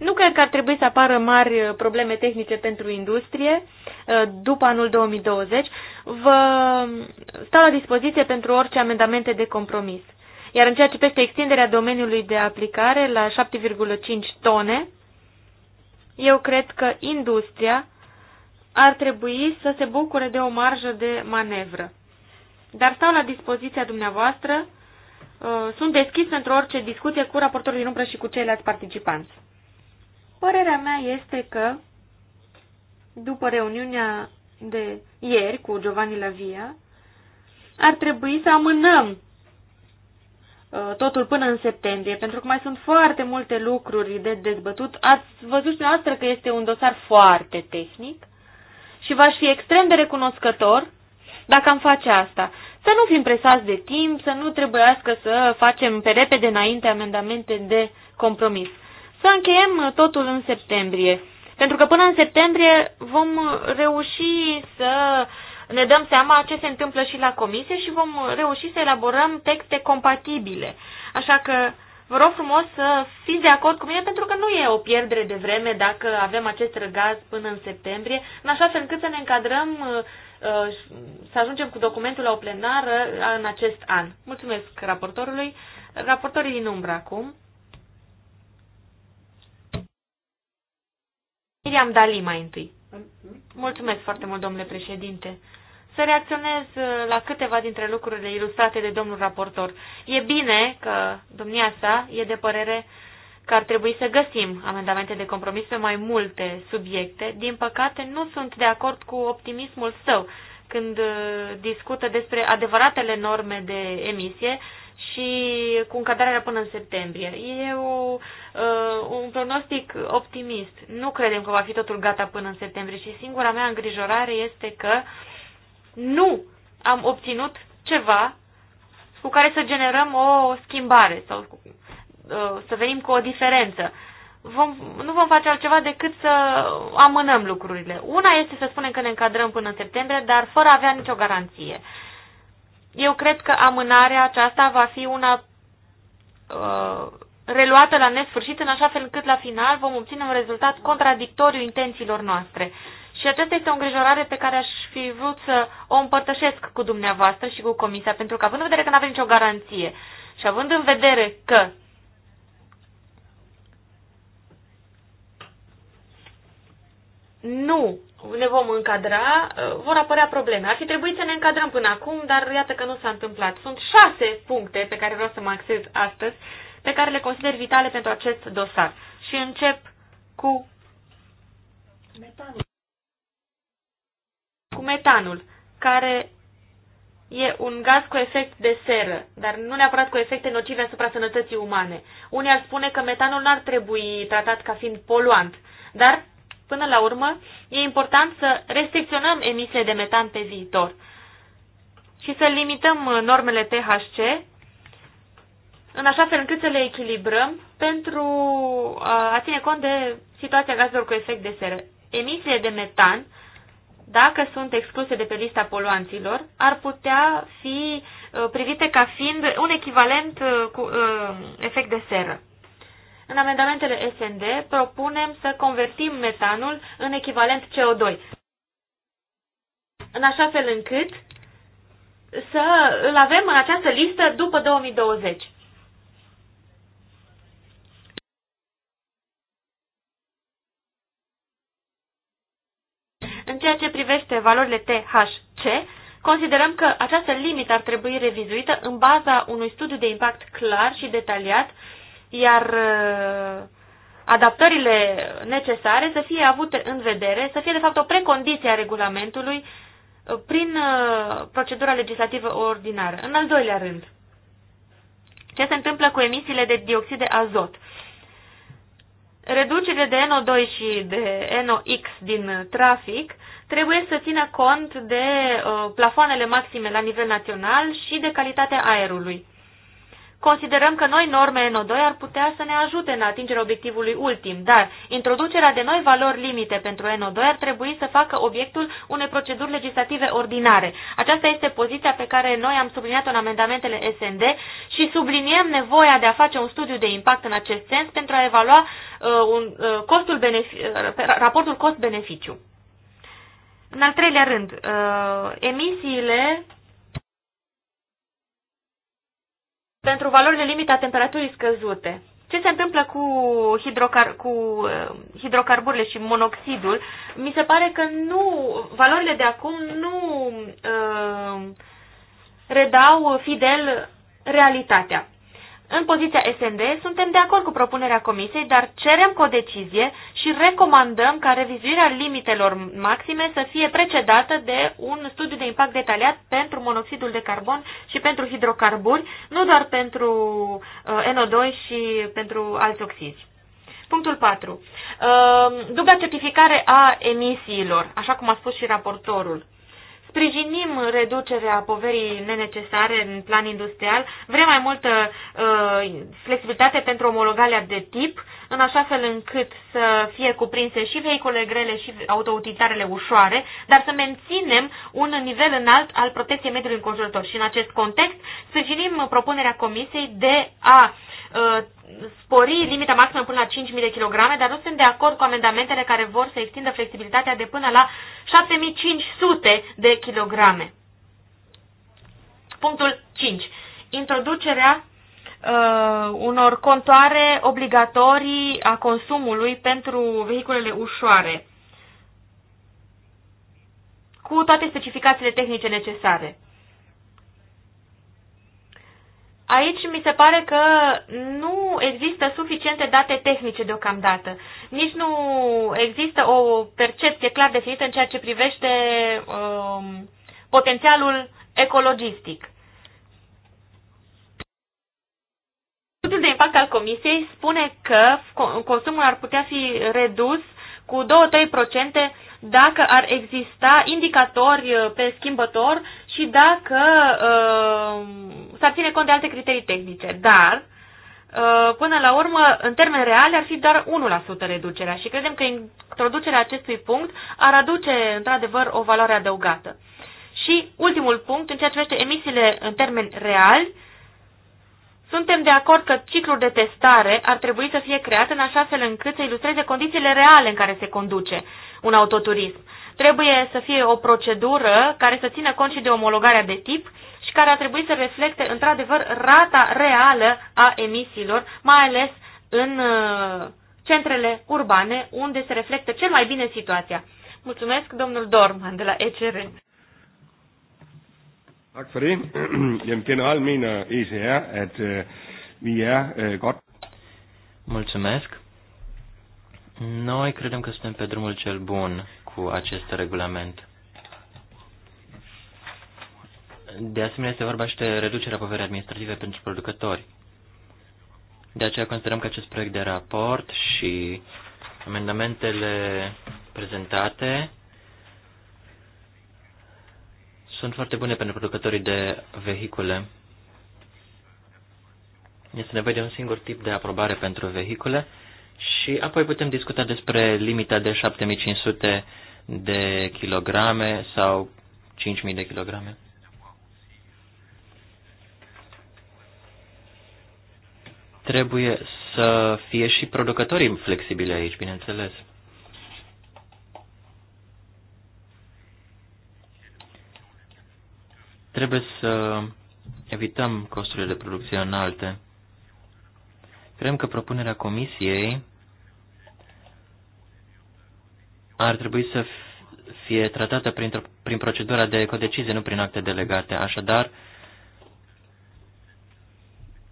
Nu cred că ar trebui să apară mari uh, probleme tehnice pentru industrie uh, după anul 2020. Vă um, stau la dispoziție pentru orice amendamente de compromis. Iar în ceea ce privește extinderea domeniului de aplicare la 7,5 tone, eu cred că industria ar trebui să se bucure de o marjă de manevră. Dar stau la dispoziția dumneavoastră, uh, sunt deschis pentru orice discuție cu raportorul din umbră și cu ceilalți participanți. Părerea mea este că, după reuniunea de ieri cu Giovanni Lavia, ar trebui să amânăm uh, totul până în septembrie, pentru că mai sunt foarte multe lucruri de dezbătut. Ați văzut noastră că este un dosar foarte tehnic și v-aș fi extrem de recunoscător dacă am face asta. Să nu fim presați de timp, să nu trebuiască să facem pe repede înainte amendamente de compromis să încheiem uh, totul în septembrie. Pentru că până în septembrie vom reuși să ne dăm seama ce se întâmplă și la comisie și vom reuși să elaborăm texte compatibile. Așa că vă rog frumos să fiți de acord cu mine pentru că nu e o pierdere de vreme dacă avem acest răgaz până în septembrie, în așa fel încât să ne încadrăm uh, uh, să ajungem cu documentul la o plenară în acest an. Mulțumesc raportorului. Raportorii din umbră acum. Miriam Dali mai întâi. Mulțumesc foarte mult, domnule președinte. Să reacționez uh, la câteva dintre lucrurile ilustrate de domnul raportor. E bine că domnia sa e de părere că ar trebui să găsim amendamente de compromis pe mai multe subiecte. Din păcate, nu sunt de acord cu optimismul său când uh, discută despre adevăratele norme de emisie și cu încadrarea până în septembrie. E o, uh, un pronostic optimist. Nu credem că va fi totul gata până în septembrie și singura mea îngrijorare este că nu am obținut ceva cu care să generăm o schimbare sau uh, să venim cu o diferență. Vom, nu vom face altceva decât să amânăm lucrurile. Una este să spunem că ne încadrăm până în septembrie, dar fără a avea nicio garanție. Uh, eu cred că amânarea aceasta va fi una uh, reluată la nesfârșit, în așa fel încât la final vom obține un rezultat contradictoriu intențiilor noastre. Și aceasta este o îngrijorare pe care aș fi vrut să o împărtășesc cu dumneavoastră și cu Comisia, pentru că având în vedere că nu avem nicio garanție și având în vedere că nu ne vom încadra, uh, vor apărea probleme. Ar fi trebuit să ne încadrăm până acum, dar iată că nu s-a întâmplat. Sunt șase puncte pe care vreau să mă axez astăzi, pe care le consider vitale pentru acest dosar. Și încep cu metanul. Cu metanul, care e un gaz cu efect de seră, dar nu neapărat cu efecte nocive asupra sănătății umane. Unii ar spune că metanul n-ar trebui tratat ca fiind poluant, dar Până la urmă, e important să restricționăm emisiile de metan pe viitor și să limităm uh, normele THC în așa fel încât să le echilibrăm pentru uh, a ține cont de situația gazelor cu efect de seră. Emisiile de metan, dacă sunt excluse de pe lista poluanților, ar putea fi uh, privite ca fiind un echivalent cu efect de seră. În amendamentele SND propunem să convertim metanul în echivalent CO2, în așa fel încât să îl avem în această listă după 2020. În ceea ce privește valorile THC, considerăm că această limită ar trebui revizuită în baza unui studiu de impact clar și detaliat iar uh, adaptările necesare să fie avute în vedere, să fie de fapt o precondiție a regulamentului uh, prin uh, procedura legislativă ordinară. În al doilea rând, ce se întâmplă cu emisiile de dioxid de azot? reducerea de NO2 și de NOx din trafic trebuie să țină cont de plafoanele maxime la nivel național și de calitatea aerului. Considerăm că noi norme NO2 ar putea să ne ajute în atingerea obiectivului ultim, dar introducerea de noi valori limite pentru NO2 ar trebui să facă obiectul unei proceduri legislative ordinare. Aceasta este poziția pe care noi am subliniat-o în amendamentele SND și subliniem nevoia de a face un studiu de impact în acest sens pentru a evalua uh, un, uh, costul uh, raportul cost-beneficiu. În al treilea rând, uh, emisiile pentru valorile limite a temperaturii scăzute. Ce se întâmplă cu, hidrocar cu eh, hidrocarburile și monoxidul? Mi se pare că nu, valorile de acum nu uh, redau fidel realitatea. În poziția SND suntem de acord cu propunerea Comisiei, dar cerem cu o decizie și recomandăm ca revizuirea limitelor maxime să fie precedată de un studiu de impact detaliat pentru monoxidul de carbon și pentru hidrocarburi, nu doar pentru uh, NO2 și pentru alți oxizi. Punctul 4. Uh, Dubla certificare a emisiilor, așa cum a spus și raportorul. Sprijinim reducerea poverii nenecesare în plan industrial, vrem mai multă uh, flexibilitate pentru omologarea de tip, în așa fel încât să fie cuprinse și vehicule grele și autoutilitarele ușoare, dar să menținem un nivel înalt al protecției mediului înconjurător. Și în acest context sprijinim propunerea Comisiei de a uh, spori limita maximă până la 5.000 de kg, dar nu sunt de acord cu amendamentele care vor să extindă flexibilitatea de până la 7.500 de kilograme. Punctul 5. Introducerea uh, unor contoare obligatorii a consumului pentru vehiculele ușoare, cu toate specificațiile tehnice necesare. Aici mi se pare că nu există suficiente date tehnice deocamdată. Nici nu există o percepție clar definită în ceea ce privește um, potențialul ecologistic. de impact al Comisiei spune că consumul ar putea fi redus cu 2-3% dacă ar exista indicatori uh, pe schimbător și dacă uh, s-ar ține cont de alte criterii tehnice. Dar, uh, până la urmă, în termeni reale, ar fi doar 1% reducerea și credem că introducerea acestui punct ar aduce, într-adevăr, o valoare adăugată. Și ultimul punct, în ceea ce privește emisiile în termeni reali, uh, suntem de acord că ciclul de testare ar trebui să fie creat în așa fel încât să ilustreze condițiile reale în care se conduce un autoturism. Trebuie să fie o procedură care să țină cont și de omologarea de tip și care ar trebui să reflecte într-adevăr rata reală a emisiilor, mai ales în uh, centrele urbane unde se reflectă cel mai bine situația. Mulțumesc, domnul Dorman de la ECR. Tak for det. Jamen generelt mener ECR, at øh, vi er øh, godt. Mulțumesc. Noi credem că suntem pe drumul cel bun cu acest regulament. De asemenea, este vorba și de reducerea poverii administrative pentru producători. De aceea considerăm că acest proiect de raport și amendamentele prezentate sunt foarte bune pentru producătorii de vehicule. Este nevoie de un singur tip de aprobare pentru vehicule și apoi putem discuta despre limita de 7500 de kilograme sau 5000 de kilograme. Trebuie să fie și producătorii flexibili aici, bineînțeles. Trebuie să evităm costurile de producție înalte. Credem că propunerea comisiei ar trebui să fie tratată prin, prin procedura de codecizie, nu prin acte delegate. Așadar,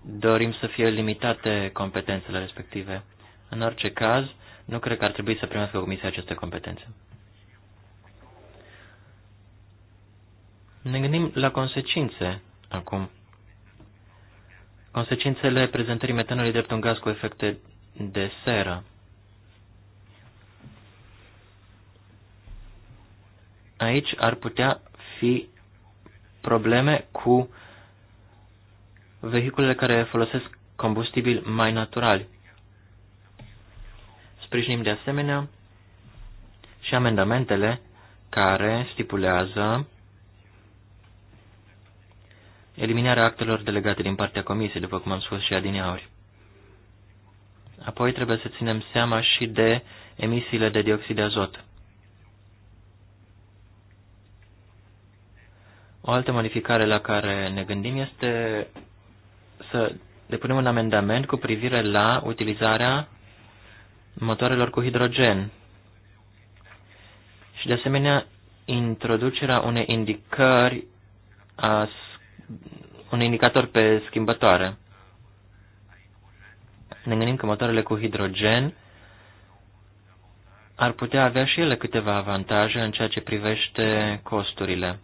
dorim să fie limitate competențele respective. În orice caz, nu cred că ar trebui să primească Comisia aceste competențe. Ne gândim la consecințe acum. Consecințele prezentării metanului drept un gaz cu efecte de seră. Aici ar putea fi probleme cu vehiculele care folosesc combustibil mai naturali. Sprijinim de asemenea și amendamentele care stipulează eliminarea actelor delegate din partea comisiei, după cum am spus și adineauri. Apoi trebuie să ținem seama și de emisiile de dioxid de azot. O altă modificare la care ne gândim este să depunem un amendament cu privire la utilizarea motoarelor cu hidrogen și, de asemenea, introducerea unei indicări a un indicator pe schimbătoare. Ne gândim că motoarele cu hidrogen ar putea avea și ele câteva avantaje în ceea ce privește costurile.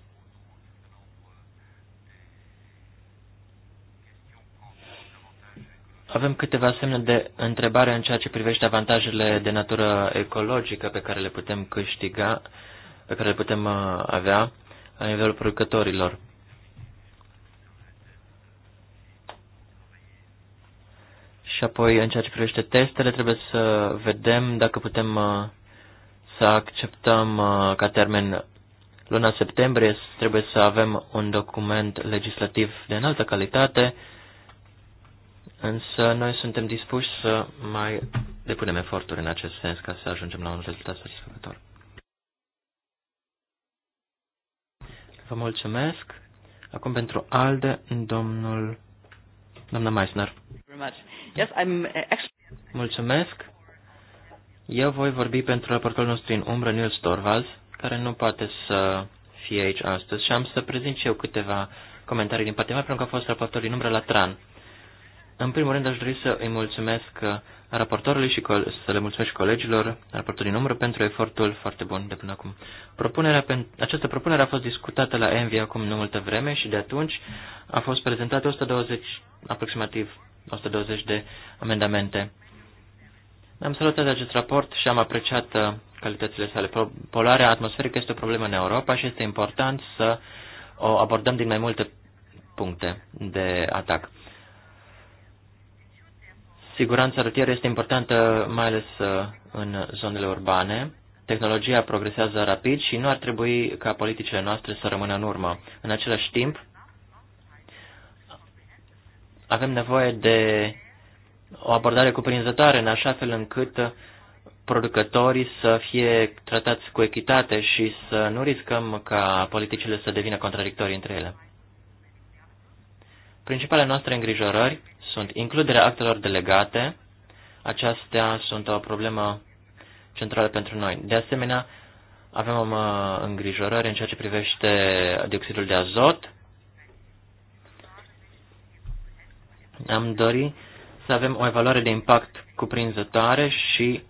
Avem câteva semne de întrebare în ceea ce privește avantajele de natură ecologică pe care le putem câștiga, pe care le putem uh, avea la nivelul producătorilor. Și apoi, în ceea ce privește testele, trebuie să vedem dacă putem uh, să acceptăm uh, ca termen luna septembrie, trebuie să avem un document legislativ de înaltă calitate, însă noi suntem dispuși să mai depunem eforturi în acest sens ca să ajungem la un rezultat satisfăcător. Vă mulțumesc. Acum pentru ALDE, domnul, doamna Meissner. Yes, I'm uh, Mulțumesc. Eu voi vorbi pentru raportorul nostru în umbră, Nils Torvalds, care nu poate să fie aici astăzi și am să prezint și eu câteva comentarii din partea mea, pentru că a fost raportor din umbră la TRAN. În primul rând aș dori să îi mulțumesc raportorului și să le mulțumesc și colegilor raportorului în umbră pentru efortul foarte bun de până acum. Propunerea această propunere a fost discutată la Envi acum nu multă vreme și de atunci a fost prezentată 120, aproximativ 120 de amendamente. Am salutat acest raport și am apreciat uh, calitățile sale. Polarea atmosferică este o problemă în Europa și este important să o abordăm din mai multe puncte de atac. Siguranța rutieră este importantă, mai ales uh, în zonele urbane. Tehnologia progresează rapid și nu ar trebui ca politicile noastre să rămână în urmă. În același timp, avem nevoie de o abordare cuprinzătoare în așa fel încât producătorii să fie tratați cu echitate și să nu riscăm ca politicile să devină contradictorii între ele. Principalele noastre îngrijorări sunt includerea actelor delegate, acestea sunt o problemă centrală pentru noi. De asemenea, avem uh, îngrijorări în ceea ce privește dioxidul de azot, Am dori să avem o evaluare de impact cuprinzătoare și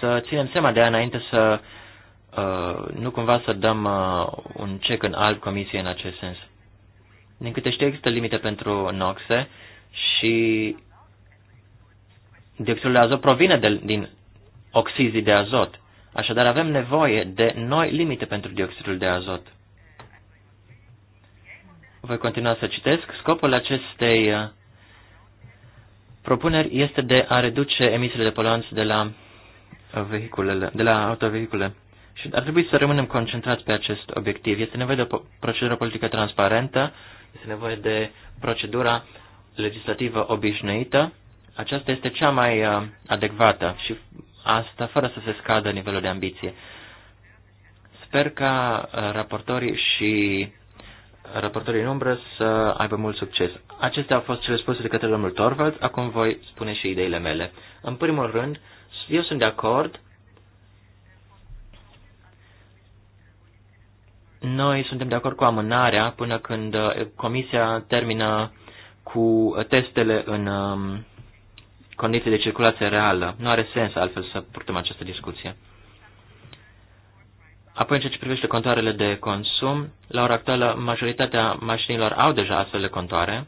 să ținem seama de aia înainte să uh, nu cumva să dăm uh, un cec în alb comisie în acest sens. Din câte știu, există limite pentru noxe și dioxidul de azot provine de, din oxizii de azot. Așadar, avem nevoie de noi limite pentru dioxidul de azot. Voi continua să citesc. Scopul acestei uh, propuneri este de a reduce emisiile de poluanți de la vehiculele, de la autovehicule. Și ar trebui să rămânem concentrați pe acest obiectiv. Este nevoie de o procedură politică transparentă, este nevoie de procedura legislativă obișnuită. Aceasta este cea mai uh, adecvată și asta fără să se scadă nivelul de ambiție. Sper ca uh, raportorii și raportorii în umbră să aibă mult succes. Acestea au fost cele spuse de către domnul Torvalds, acum voi spune și ideile mele. În primul rând, eu sunt de acord. Noi suntem de acord cu amânarea până când uh, comisia termină cu testele în um, condiții de circulație reală. Nu are sens altfel să purtăm această discuție. Apoi, în ceea ce privește contoarele de consum, la ora actuală majoritatea mașinilor au deja astfel de contoare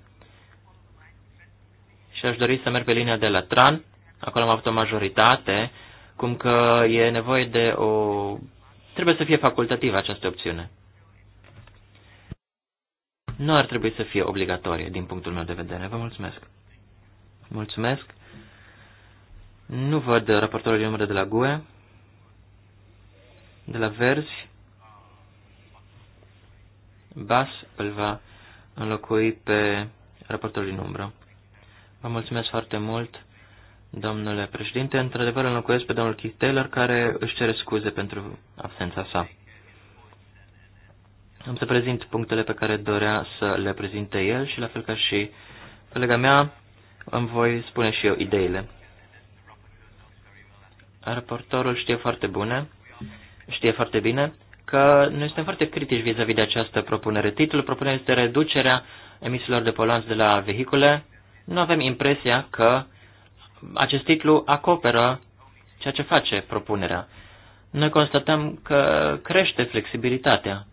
și aș dori să merg pe linia de la TRAN, acolo am avut o majoritate, cum că e nevoie de o... trebuie să fie facultativă această opțiune. Nu ar trebui să fie obligatorie, din punctul meu de vedere. Vă mulțumesc. Mulțumesc. Nu văd raportorul de număr de la GUE de la Verzi, Bas îl va înlocui pe raportul din umbră. Vă mulțumesc foarte mult, domnule președinte. Într-adevăr, înlocuiesc pe domnul Keith Taylor, care își cere scuze pentru absența sa. Am să prezint punctele pe care dorea să le prezinte el și, la fel ca și colega mea, îmi voi spune și eu ideile. Raportorul știe foarte bune știe foarte bine că noi suntem foarte critici vis-a-vis -vis de această propunere. Titlul propunerii este reducerea emisiilor de poluanți de la vehicule. Nu avem impresia că acest titlu acoperă ceea ce face propunerea. Noi constatăm că crește flexibilitatea.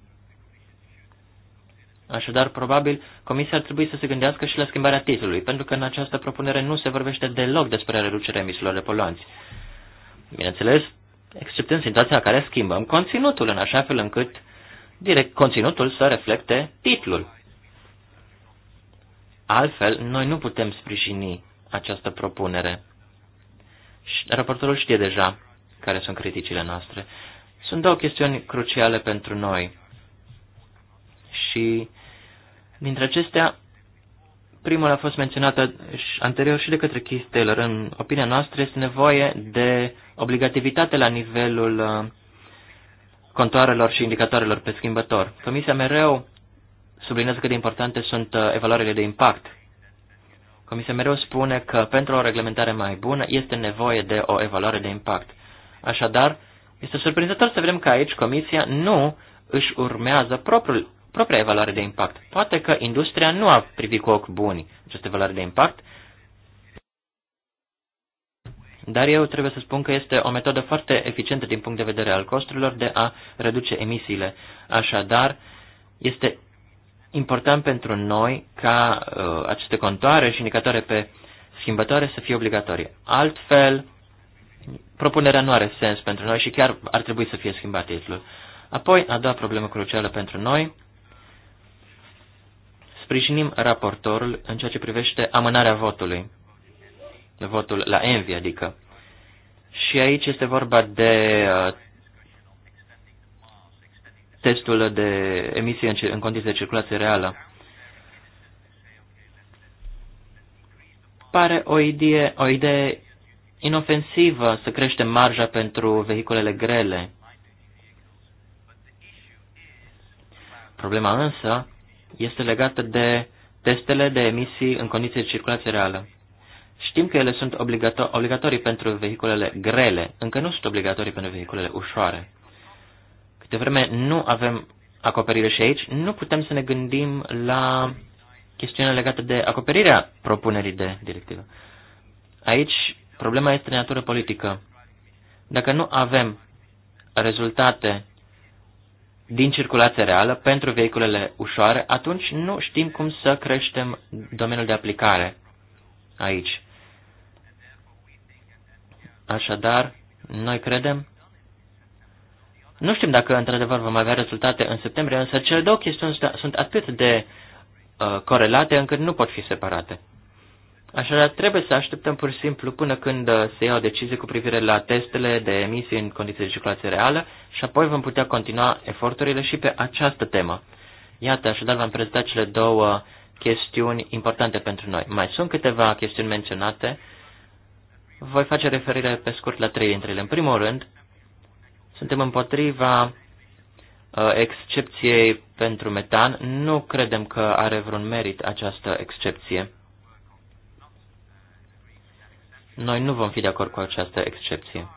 Așadar, probabil, Comisia ar trebui să se gândească și la schimbarea titlului, pentru că în această propunere nu se vorbește deloc despre reducerea emisiilor de poluanți. Bineînțeles, except în situația în care schimbăm conținutul, în așa fel încât direct conținutul să reflecte titlul. Altfel, noi nu putem sprijini această propunere. Și raportorul știe deja care sunt criticile noastre. Sunt două chestiuni cruciale pentru noi. Și dintre acestea, Primul a fost menționat anterior și de către Keith Taylor. În opinia noastră este nevoie de obligativitate la nivelul uh, contoarelor și indicatoarelor pe schimbător. Comisia mereu sublinează cât de importante sunt uh, evaluările de impact. Comisia mereu spune că pentru o reglementare mai bună este nevoie de o evaluare de impact. Așadar, este surprinzător să vedem că aici Comisia nu își urmează propriul propria evaluare de impact. Poate că industria nu a privit cu ochi buni aceste evaluare de impact, dar eu trebuie să spun că este o metodă foarte eficientă din punct de vedere al costurilor de a reduce emisiile. Așadar, este important pentru noi ca uh, aceste contoare și indicatoare pe schimbătoare să fie obligatorii. Altfel, propunerea nu are sens pentru noi și chiar ar trebui să fie schimbat titlul. Apoi, a doua problemă crucială pentru noi sprijinim raportorul în ceea ce privește amânarea votului, votul la Envi, adică. Și aici este vorba de uh, testul de emisie în, condiții de circulație reală. Pare o idee, o idee inofensivă să crește marja pentru vehiculele grele. Problema însă este legată de testele de emisii în condiții de circulație reală. Știm că ele sunt obligator obligatorii pentru vehiculele grele, încă nu sunt obligatorii pentru vehiculele ușoare. Câte vreme nu avem acoperire și aici, nu putem să ne gândim la chestiunea legată de acoperirea propunerii de directivă. Aici problema este de natură politică. Dacă nu avem rezultate din circulație reală pentru vehiculele ușoare, atunci nu știm cum să creștem domeniul de aplicare aici. Așadar, noi credem, nu știm dacă într-adevăr vom avea rezultate în septembrie, însă cele două chestiuni sunt atât de uh, corelate încât nu pot fi separate. Așadar, trebuie să așteptăm pur și simplu până când uh, se ia o decizie cu privire la testele de emisii în condiții de circulație reală și apoi vom putea continua eforturile și pe această temă. Iată, așadar, v-am prezentat cele două chestiuni importante pentru noi. Mai sunt câteva chestiuni menționate. Voi face referire pe scurt la trei dintre ele. În primul rând, suntem împotriva uh, excepției pentru metan. Nu credem că are vreun merit această excepție. Noi nu vom fi de acord cu această excepție.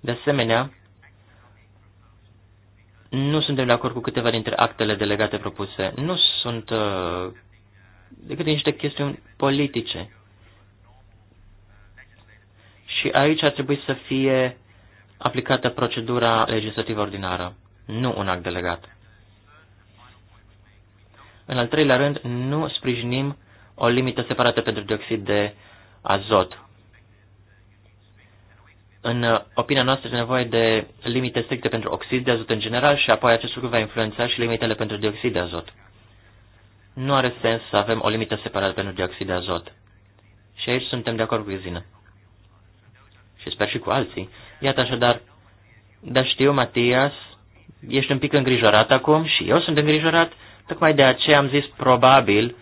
De asemenea, nu suntem de acord cu câteva dintre actele delegate propuse. Nu sunt uh, decât niște chestiuni politice. Și aici ar trebui să fie aplicată procedura legislativă ordinară, nu un act delegat. În al treilea rând, nu sprijinim o limită separată pentru dioxid de azot. În opinia noastră este nevoie de limite stricte pentru oxid de azot în general și apoi acest lucru va influența și limitele pentru dioxid de azot. Nu are sens să avem o limită separată pentru dioxid de azot. Și aici suntem de acord cu Gizina. Și sper și cu alții. Iată așadar, dar știu, Matias, ești un pic îngrijorat acum și eu sunt îngrijorat, tocmai de aceea am zis probabil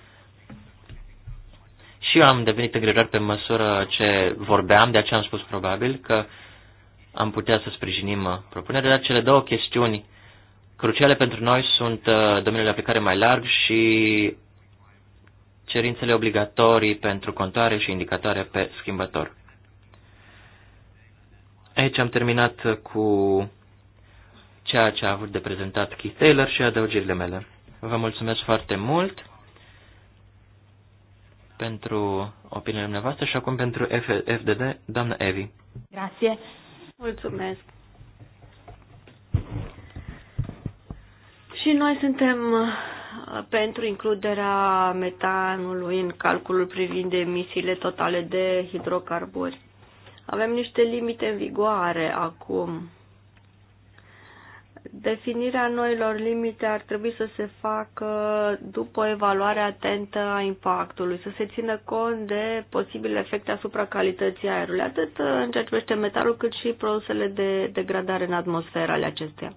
și eu am devenit îngrijorat pe măsură ce vorbeam, de aceea am spus probabil că am putea să sprijinim uh, propunerea, dar cele două chestiuni cruciale pentru noi sunt uh, domeniul de aplicare mai larg și cerințele obligatorii pentru contoare și indicatoare pe schimbător. Aici am terminat cu ceea ce a avut de prezentat Keith Taylor și adăugirile mele. Vă mulțumesc foarte mult! pentru opiniile dumneavoastră și acum pentru FDD, doamna Evi. Grație. Mulțumesc. Și noi suntem uh, pentru includerea metanului în calculul privind emisiile totale de hidrocarburi. Avem niște limite în vigoare acum Definirea noilor limite ar trebui să se facă după evaluarea atentă a impactului, să se țină cont de posibile efecte asupra calității aerului, atât în ceea ce privește metalul, cât și produsele de degradare în atmosferă ale acesteia.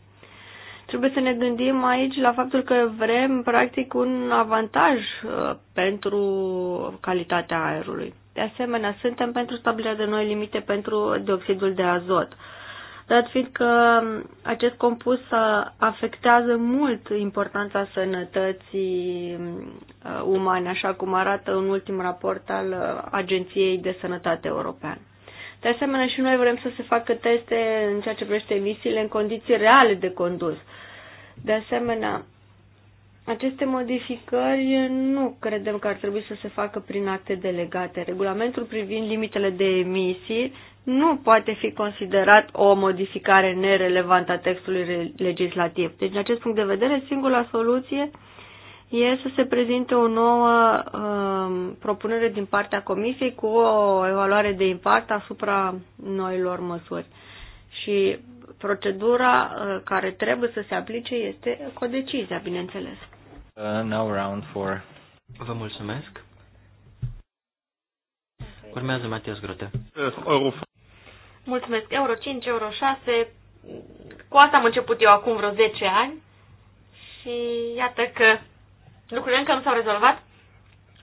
Trebuie să ne gândim aici la faptul că vrem, practic, un avantaj uh, pentru calitatea aerului. De asemenea, suntem pentru stabilirea de noi limite pentru dioxidul de azot dat fiind că acest compus afectează mult importanța sănătății uh, umane, așa cum arată un ultim raport al uh, Agenției de Sănătate Europeană. De asemenea, și noi vrem să se facă teste în ceea ce privește emisiile în condiții reale de condus. De asemenea, aceste modificări nu credem că ar trebui să se facă prin acte delegate. Regulamentul privind limitele de emisii nu poate fi considerat o modificare nerelevantă a textului legislativ. Deci, din acest punct de vedere, singura soluție e să se prezinte o nouă uh, propunere din partea Comisiei cu o evaluare de impact asupra noilor măsuri. Și procedura uh, care trebuie să se aplice este codecizia, bineînțeles. Uh, now round for... Vă mulțumesc. Urmează Matias Grote. Uh, Mulțumesc. Euro 5, Euro 6. Cu asta am început eu acum vreo 10 ani și iată că lucrurile încă nu s-au rezolvat.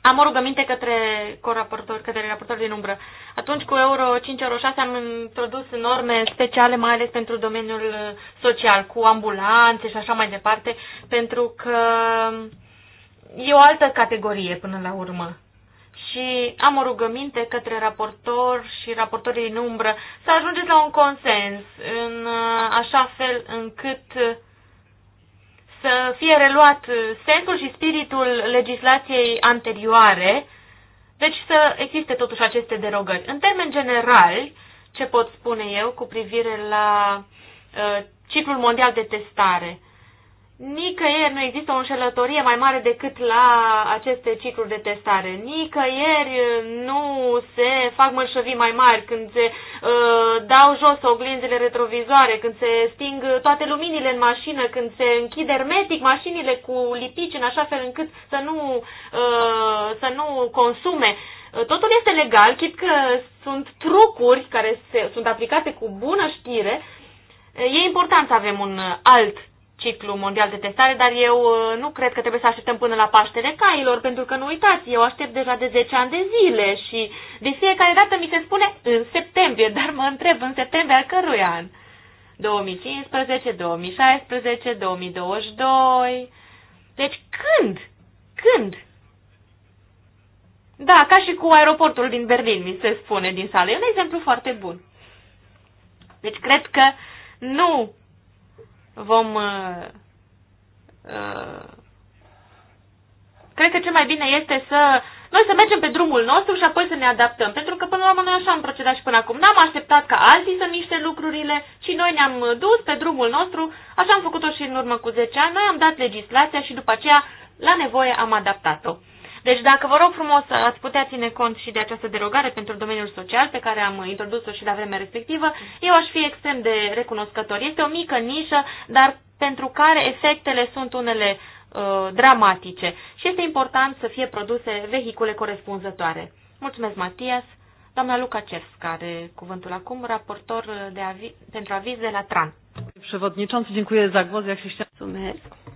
Am o rugăminte către coraportori, către raportori din umbră. Atunci cu euro 5, euro 6 am introdus norme speciale, mai ales pentru domeniul social, cu ambulanțe și așa mai departe, pentru că e o altă categorie până la urmă și am o rugăminte către raportor și raportorii în umbră să ajungeți la un consens în uh, așa fel încât uh, să fie reluat sensul și spiritul legislației anterioare, deci să existe totuși aceste derogări. În termen general, ce pot spune eu cu privire la uh, ciclul mondial de testare? Nicăieri nu există o înșelătorie mai mare decât la aceste cicluri de testare. Nicăieri nu se fac mărșăvii mai mari când se uh, dau jos oglinzile retrovizoare, când se sting toate luminile în mașină, când se închid ermetic mașinile cu lipici în așa fel încât să nu, uh, să nu consume. Uh, totul este legal, chit că sunt trucuri care se, sunt aplicate cu bună știre. Uh, e important să avem un alt ciclu mondial de testare, dar eu uh, nu cred că trebuie să așteptăm până la Paștele Cailor, pentru că nu uitați, eu aștept deja de 10 ani de zile și de fiecare dată mi se spune în septembrie, dar mă întreb în septembrie al cărui an? 2015, 2016, 2022. Deci când? Când? Da, ca și cu aeroportul din Berlin, mi se spune din sală. E un exemplu foarte bun. Deci cred că nu vom uh, uh, cred că ce mai bine este să noi să mergem pe drumul nostru și apoi să ne adaptăm, pentru că până la urmă noi așa am procedat și până acum. N-am așteptat ca alții să miște lucrurile, ci noi ne-am dus pe drumul nostru, așa am făcut-o și în urmă cu 10 ani, noi am dat legislația și după aceea la nevoie am adaptat-o. Deci dacă vă rog frumos ați putea ține cont și de această derogare pentru domeniul social pe care am introdus-o și la vremea respectivă, eu aș fi extrem de recunoscător. Este o mică nișă, dar pentru care efectele sunt unele uh, dramatice și este important să fie produse vehicule corespunzătoare. Mulțumesc, Matias. Doamna Luca Cers, are cuvântul acum, raportor uh, de avi pentru aviz de la TRAN. Przewodniczący, dziękuję za głos. Jak się Mulțumesc.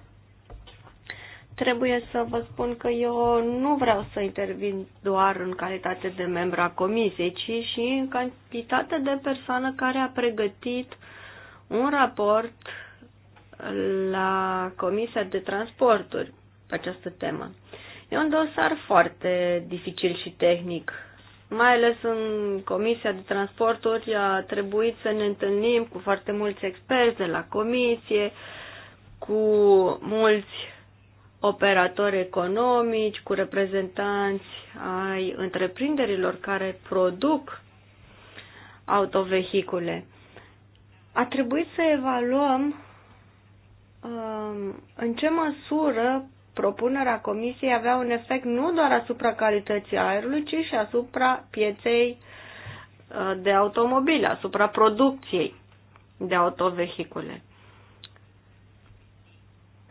Trebuie să vă spun că eu nu vreau să intervin doar în calitate de membru a comisiei, ci și în calitate de persoană care a pregătit un raport la Comisia de Transporturi pe această temă. E un dosar foarte dificil și tehnic, mai ales în Comisia de Transporturi a trebuit să ne întâlnim cu foarte mulți experți de la comisie, cu mulți operatori economici, cu reprezentanți ai întreprinderilor care produc autovehicule. A trebuit să evaluăm um, în ce măsură propunerea comisiei avea un efect nu doar asupra calității aerului, ci și asupra pieței uh, de automobile, asupra producției de autovehicule.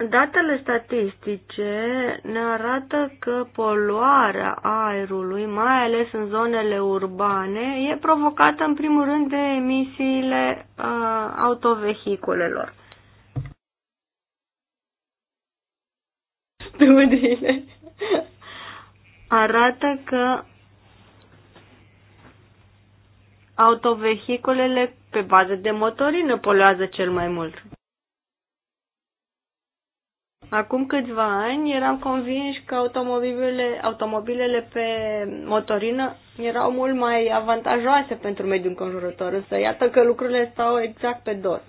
Datele statistice ne arată că poluarea aerului, mai ales în zonele urbane, e provocată în primul rând de emisiile uh, autovehiculelor. Studiile arată că autovehiculele pe bază de motorină poluează cel mai mult. Acum câțiva ani eram convinși că automobilele, automobilele pe motorină erau mult mai avantajoase pentru mediul înconjurător, însă iată că lucrurile stau exact pe dos.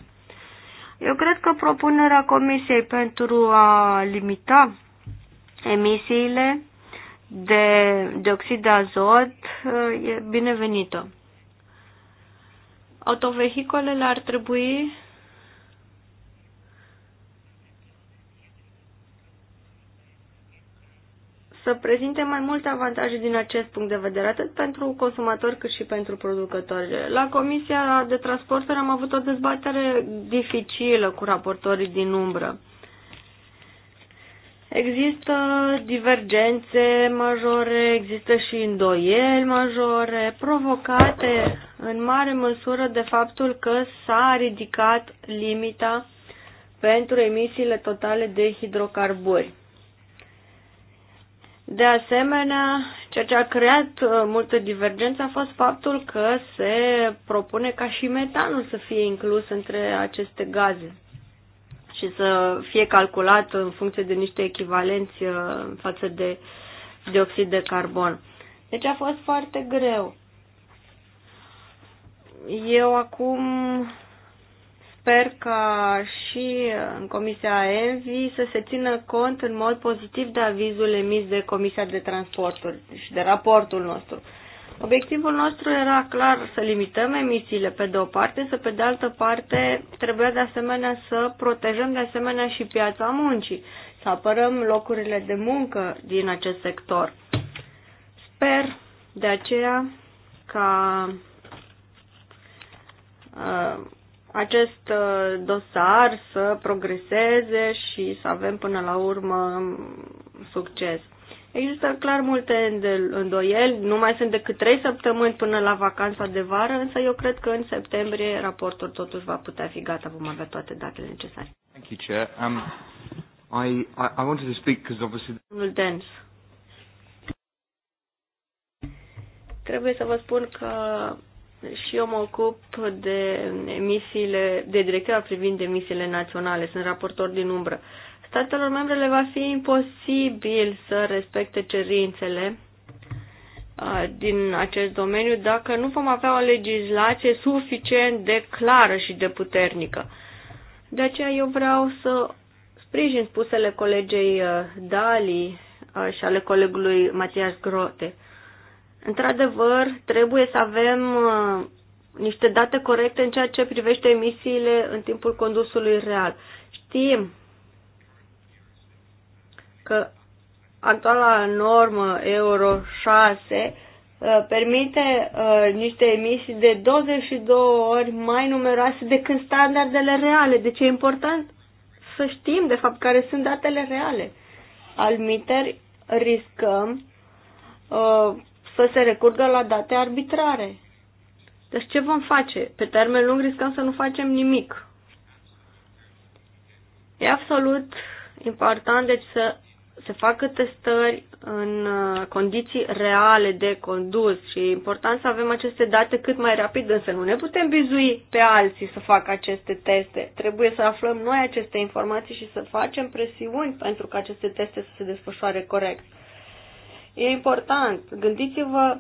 Eu cred că propunerea Comisiei pentru a limita emisiile de dioxid de azot eh, e binevenită. Autovehicolele ar trebui să prezinte mai multe avantaje din acest punct de vedere, atât pentru consumatori cât și pentru producători. La Comisia de Transporturi am avut o dezbatere dificilă cu raportorii din umbră. Există divergențe majore, există și îndoieli majore, provocate în mare măsură de faptul că s-a ridicat limita pentru emisiile totale de hidrocarburi. De asemenea, ceea ce a creat uh, multă divergență a fost faptul că se propune ca și metanul să fie inclus între aceste gaze și să fie calculat în funcție de niște echivalenți uh, față de dioxid de carbon. Deci a fost foarte greu. Eu acum sper ca și în Comisia ENVI să se țină cont în mod pozitiv de avizul emis de Comisia de Transporturi și de raportul nostru. Obiectivul nostru era clar să limităm emisiile pe de o parte, să pe de altă parte trebuia de asemenea să protejăm de asemenea și piața muncii, să apărăm locurile de muncă din acest sector. Sper de aceea ca uh, acest uh, dosar să progreseze și să avem până la urmă succes. Există clar multe îndoieli, nu mai sunt decât trei săptămâni până la vacanța de vară, însă eu cred că în septembrie raportul totuși va putea fi gata, vom avea toate datele necesare. Thank you, Chair. Um, I, I, I wanted to speak because obviously... Domnul Dens. Trebuie să vă spun că și eu mă ocup de emisiile, de directiva privind emisiile naționale, sunt raportor din umbră. Statelor membre le va fi imposibil să respecte cerințele din acest domeniu dacă nu vom avea o legislație suficient de clară și de puternică. De aceea eu vreau să sprijin spusele colegei Dali și ale colegului Matias Grote. Într-adevăr, trebuie să avem uh, niște date corecte în ceea ce privește emisiile în timpul condusului real. Știm că actuala normă Euro 6 uh, permite uh, niște emisii de 22 ori mai numeroase decât standardele reale. Deci e important să știm, de fapt, care sunt datele reale. Al riscăm uh, să se recurgă la date arbitrare. Deci ce vom face? Pe termen lung riscăm să nu facem nimic. E absolut important deci să se facă testări în uh, condiții reale de condus și e important să avem aceste date cât mai rapid, însă nu ne putem bizui pe alții să facă aceste teste. Trebuie să aflăm noi aceste informații și să facem presiuni pentru ca aceste teste să se desfășoare corect. E important. Gândiți-vă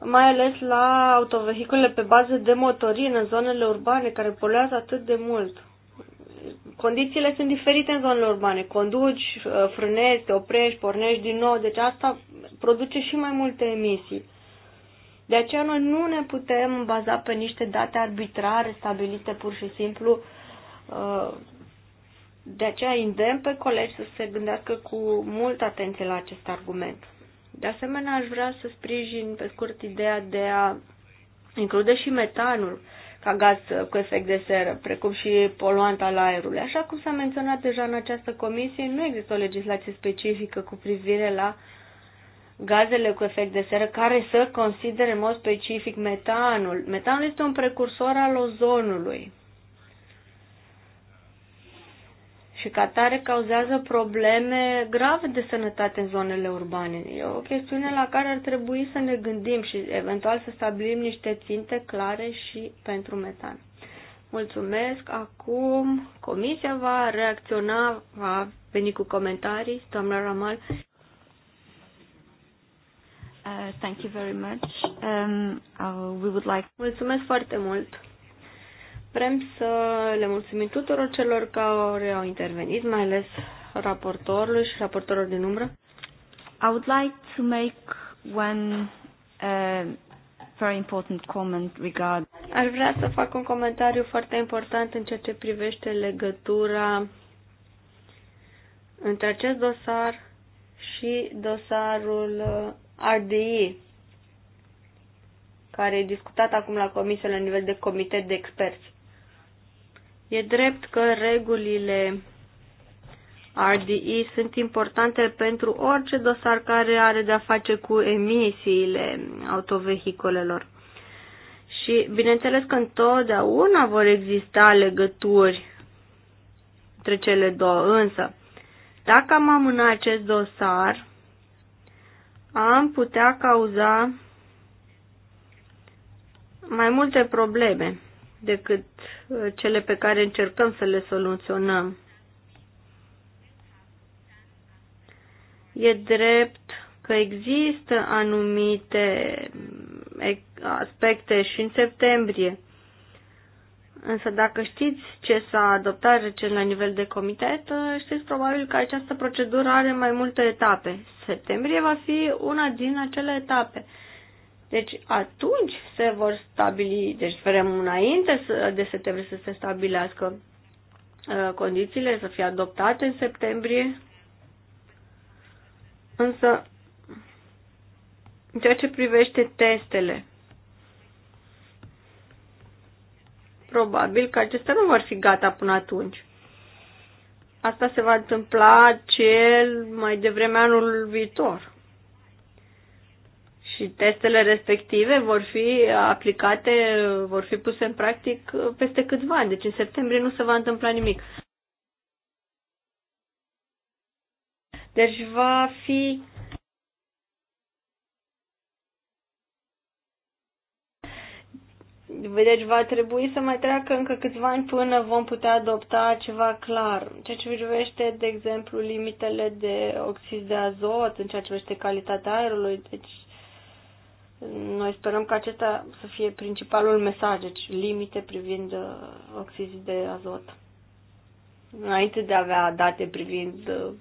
mai ales la autovehiculele pe bază de motorină în zonele urbane care poluează atât de mult. Condițiile sunt diferite în zonele urbane. Conduci, uh, frânezi, te oprești, pornești din nou, deci asta produce și mai multe emisii. De aceea noi nu ne putem baza pe niște date arbitrare stabilite pur și simplu uh, de aceea îndemn pe colegi să se gândească cu multă atenție la acest argument. De asemenea, aș vrea să sprijin pe scurt ideea de a include și metanul ca gaz cu efect de seră, precum și poluant al aerului. Așa cum s-a menționat deja în această comisie, nu există o legislație specifică cu privire la gazele cu efect de seră care să considere în mod specific metanul. Metanul este un precursor al ozonului și ca tare cauzează probleme grave de sănătate în zonele urbane. E o chestiune la care ar trebui să ne gândim și eventual să stabilim niște ținte clare și pentru metan. Mulțumesc. Acum comisia va reacționa, va veni cu comentarii. Doamna Ramal. Uh, thank you very much. Um, uh, we would like... Mulțumesc foarte mult. Vrem să le mulțumim tuturor celor care au intervenit, mai ales raportorului și raportorilor din umbră. I would like to make one uh, very important comment regarding. Ar vrea să fac un comentariu foarte important în ceea ce privește legătura între acest dosar și dosarul uh, RDI, care e discutat acum la comisie la nivel de comitet de experți. E drept că regulile RDE sunt importante pentru orice dosar care are de-a face cu emisiile autovehicolelor. Și bineînțeles că întotdeauna vor exista legături între cele două, însă dacă am amâna acest dosar, am putea cauza mai multe probleme decât cele pe care încercăm să le soluționăm. E drept că există anumite aspecte și în septembrie. Însă dacă știți ce s-a adoptat recent la nivel de comitet, știți probabil că această procedură are mai multe etape. Septembrie va fi una din acele etape. Deci atunci se vor stabili, deci sperăm înainte de septembrie să se stabilească uh, condițiile, să fie adoptate în septembrie. Însă, în ceea ce privește testele, probabil că acestea nu vor fi gata până atunci. Asta se va întâmpla cel mai devreme anul viitor. Și testele respective vor fi aplicate, vor fi puse în practic peste câțiva ani. Deci în septembrie nu se va întâmpla nimic. Deci va fi Deci va trebui să mai treacă încă câțiva ani până vom putea adopta ceva clar. ceea ce privește, de exemplu, limitele de oxid de azot, în ceea ce privește calitatea aerului, deci noi sperăm că acesta să fie principalul mesaj, deci limite privind uh, oxizii de azot. Înainte de a avea date privind uh,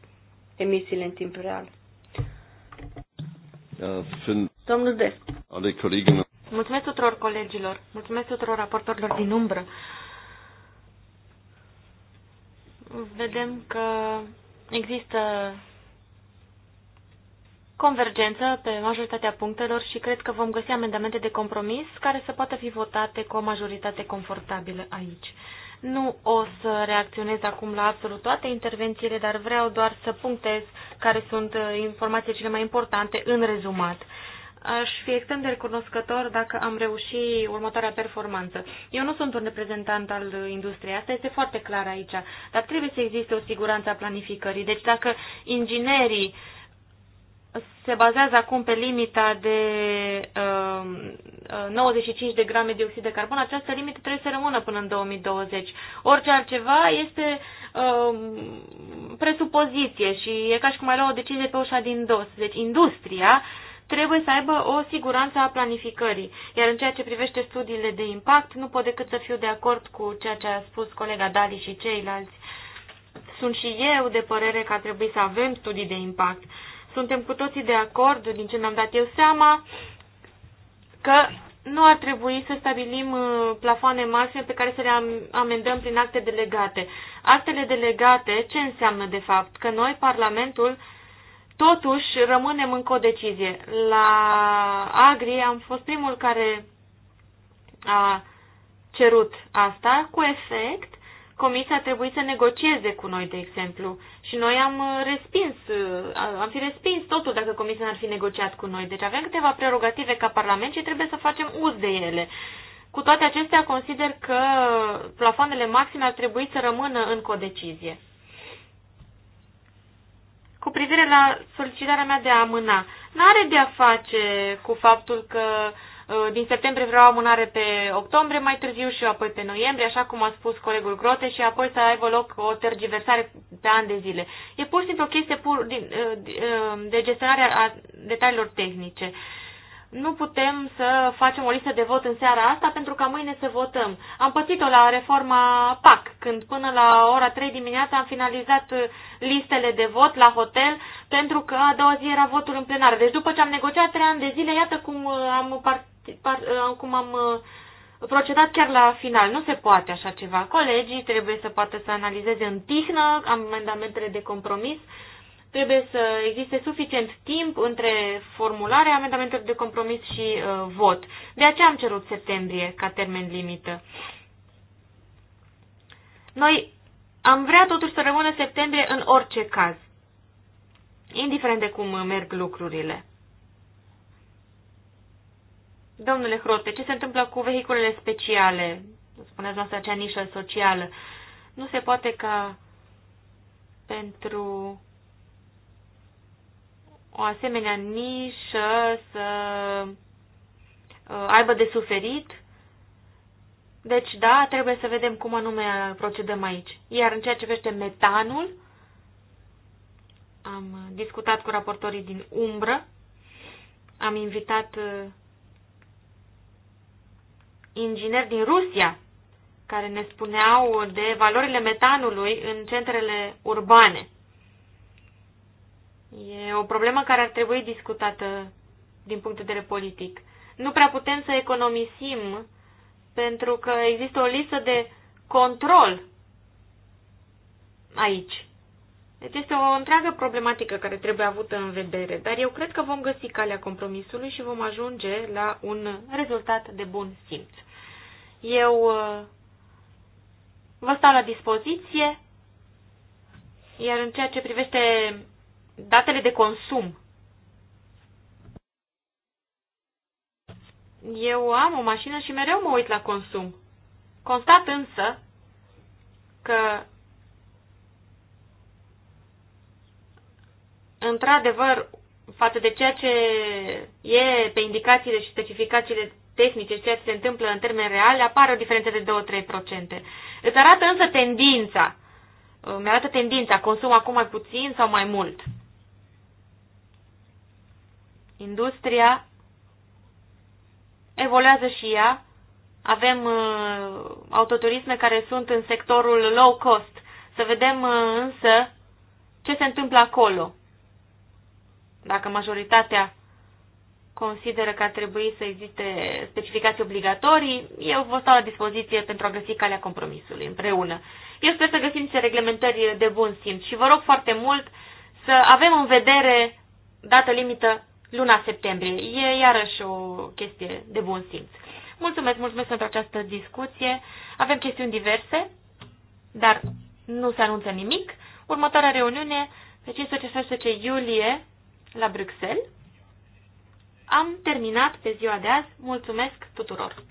emisiile în timp real. Domnul Des. Mulțumesc tuturor colegilor, mulțumesc tuturor raportorilor din umbră. Vedem că există convergență pe majoritatea punctelor și cred că vom găsi amendamente de compromis care să poată fi votate cu o majoritate confortabilă aici. Nu o să reacționez acum la absolut toate intervențiile, dar vreau doar să punctez care sunt uh, informațiile cele mai importante în rezumat. Aș fi extrem de recunoscător dacă am reușit următoarea performanță. Eu nu sunt un reprezentant al industriei, asta este foarte clar aici, dar trebuie să existe o siguranță a planificării. Deci dacă inginerii uh, se bazează acum pe limita de um, uh, 95 de grame de dioxid de carbon, această limită trebuie să rămână până în 2020. Orice altceva este uh, presupoziție și e ca și cum ai lua o decizie pe ușa din dos. Deci industria trebuie să aibă o siguranță a planificării. Iar în ceea ce privește studiile de impact, nu pot decât să fiu de acord cu ceea ce a spus colega Dali și ceilalți. Sunt și eu de părere că ar trebui să avem studii de impact suntem cu toții de acord, din ce ne-am dat eu seama, că nu ar trebui să stabilim uh, plafoane maxime pe care să le amendăm prin acte delegate. Actele delegate ce înseamnă de fapt? Că noi, Parlamentul, totuși rămânem în codecizie. La Agri am fost primul care a cerut asta cu efect Comisia a trebuit să negocieze cu noi, de exemplu, și noi am uh, respins, uh, am fi respins totul dacă Comisia n-ar fi negociat cu noi. Deci avem câteva prerogative ca Parlament și trebuie să facem uz de ele. Cu toate acestea, consider că plafoanele maxime ar trebui să rămână în codecizie. Cu privire la solicitarea mea de a amâna, n-are de a face cu faptul că uh, Uh, din septembrie vreau amânare pe octombrie, mai târziu și apoi pe noiembrie, așa cum a spus colegul Grote, și apoi să aibă loc o tergiversare pe ani de zile. E pur și simplu o chestie pur din, uh, uh, de gestionare a detaliilor tehnice. Nu putem să facem o listă de vot în seara asta pentru ca mâine să votăm. Am pățit-o la reforma PAC, când până la ora 3 dimineața am finalizat listele de vot la hotel, pentru că a doua zi era votul în plenară. Deci după ce am negociat trei ani de zile, iată cum am participat cum am uh, procedat chiar la final. Nu se poate așa ceva. Colegii trebuie să poată să analizeze în tihnă amendamentele de compromis. Trebuie să existe suficient timp între formularea amendamentelor de compromis și uh, vot. De aceea am cerut septembrie ca termen limită. Noi am vrea totuși să rămână septembrie în orice caz, indiferent de cum merg lucrurile. Domnule Hrote, ce se întâmplă cu vehiculele speciale? Spuneți noastră acea nișă socială. Nu se poate ca pentru o asemenea nișă să uh, aibă de suferit. Deci, da, trebuie să vedem cum anume procedăm aici. Iar în ceea ce vește metanul, am discutat cu raportorii din umbră, am invitat uh, ingineri din Rusia care ne spuneau de valorile metanului în centrele urbane. E o problemă care ar trebui discutată din punct de vedere politic. Nu prea putem să economisim pentru că există o lipsă de control aici. Deci este o întreagă problematică care trebuie avută în vedere, dar eu cred că vom găsi calea compromisului și vom ajunge la un rezultat de bun simț. Eu uh, vă stau la dispoziție, iar în ceea ce privește datele de consum, eu am o mașină și mereu mă uit la consum. Constat însă că într-adevăr, față de ceea ce e pe indicațiile și specificațiile tehnice și ceea ce se întâmplă în termeni reale, apare o diferență de 2-3%. Îți arată însă tendința. Mi arată tendința. Consum acum mai puțin sau mai mult. Industria evoluează și ea. Avem uh, autoturisme care sunt în sectorul low cost. Să vedem uh, însă ce se întâmplă acolo dacă majoritatea consideră că ar trebui să existe specificații obligatorii, eu vă stau la dispoziție pentru a găsi calea compromisului împreună. Eu sper să găsim niște reglementări de bun simț și vă rog foarte mult să avem în vedere dată limită luna septembrie. E iarăși o chestie de bun simț. Mulțumesc, mulțumesc pentru această discuție. Avem chestiuni diverse, dar nu se anunță nimic. Următoarea reuniune pe 15-16 iulie la Bruxelles. Am terminat pe ziua de azi. Mulțumesc tuturor!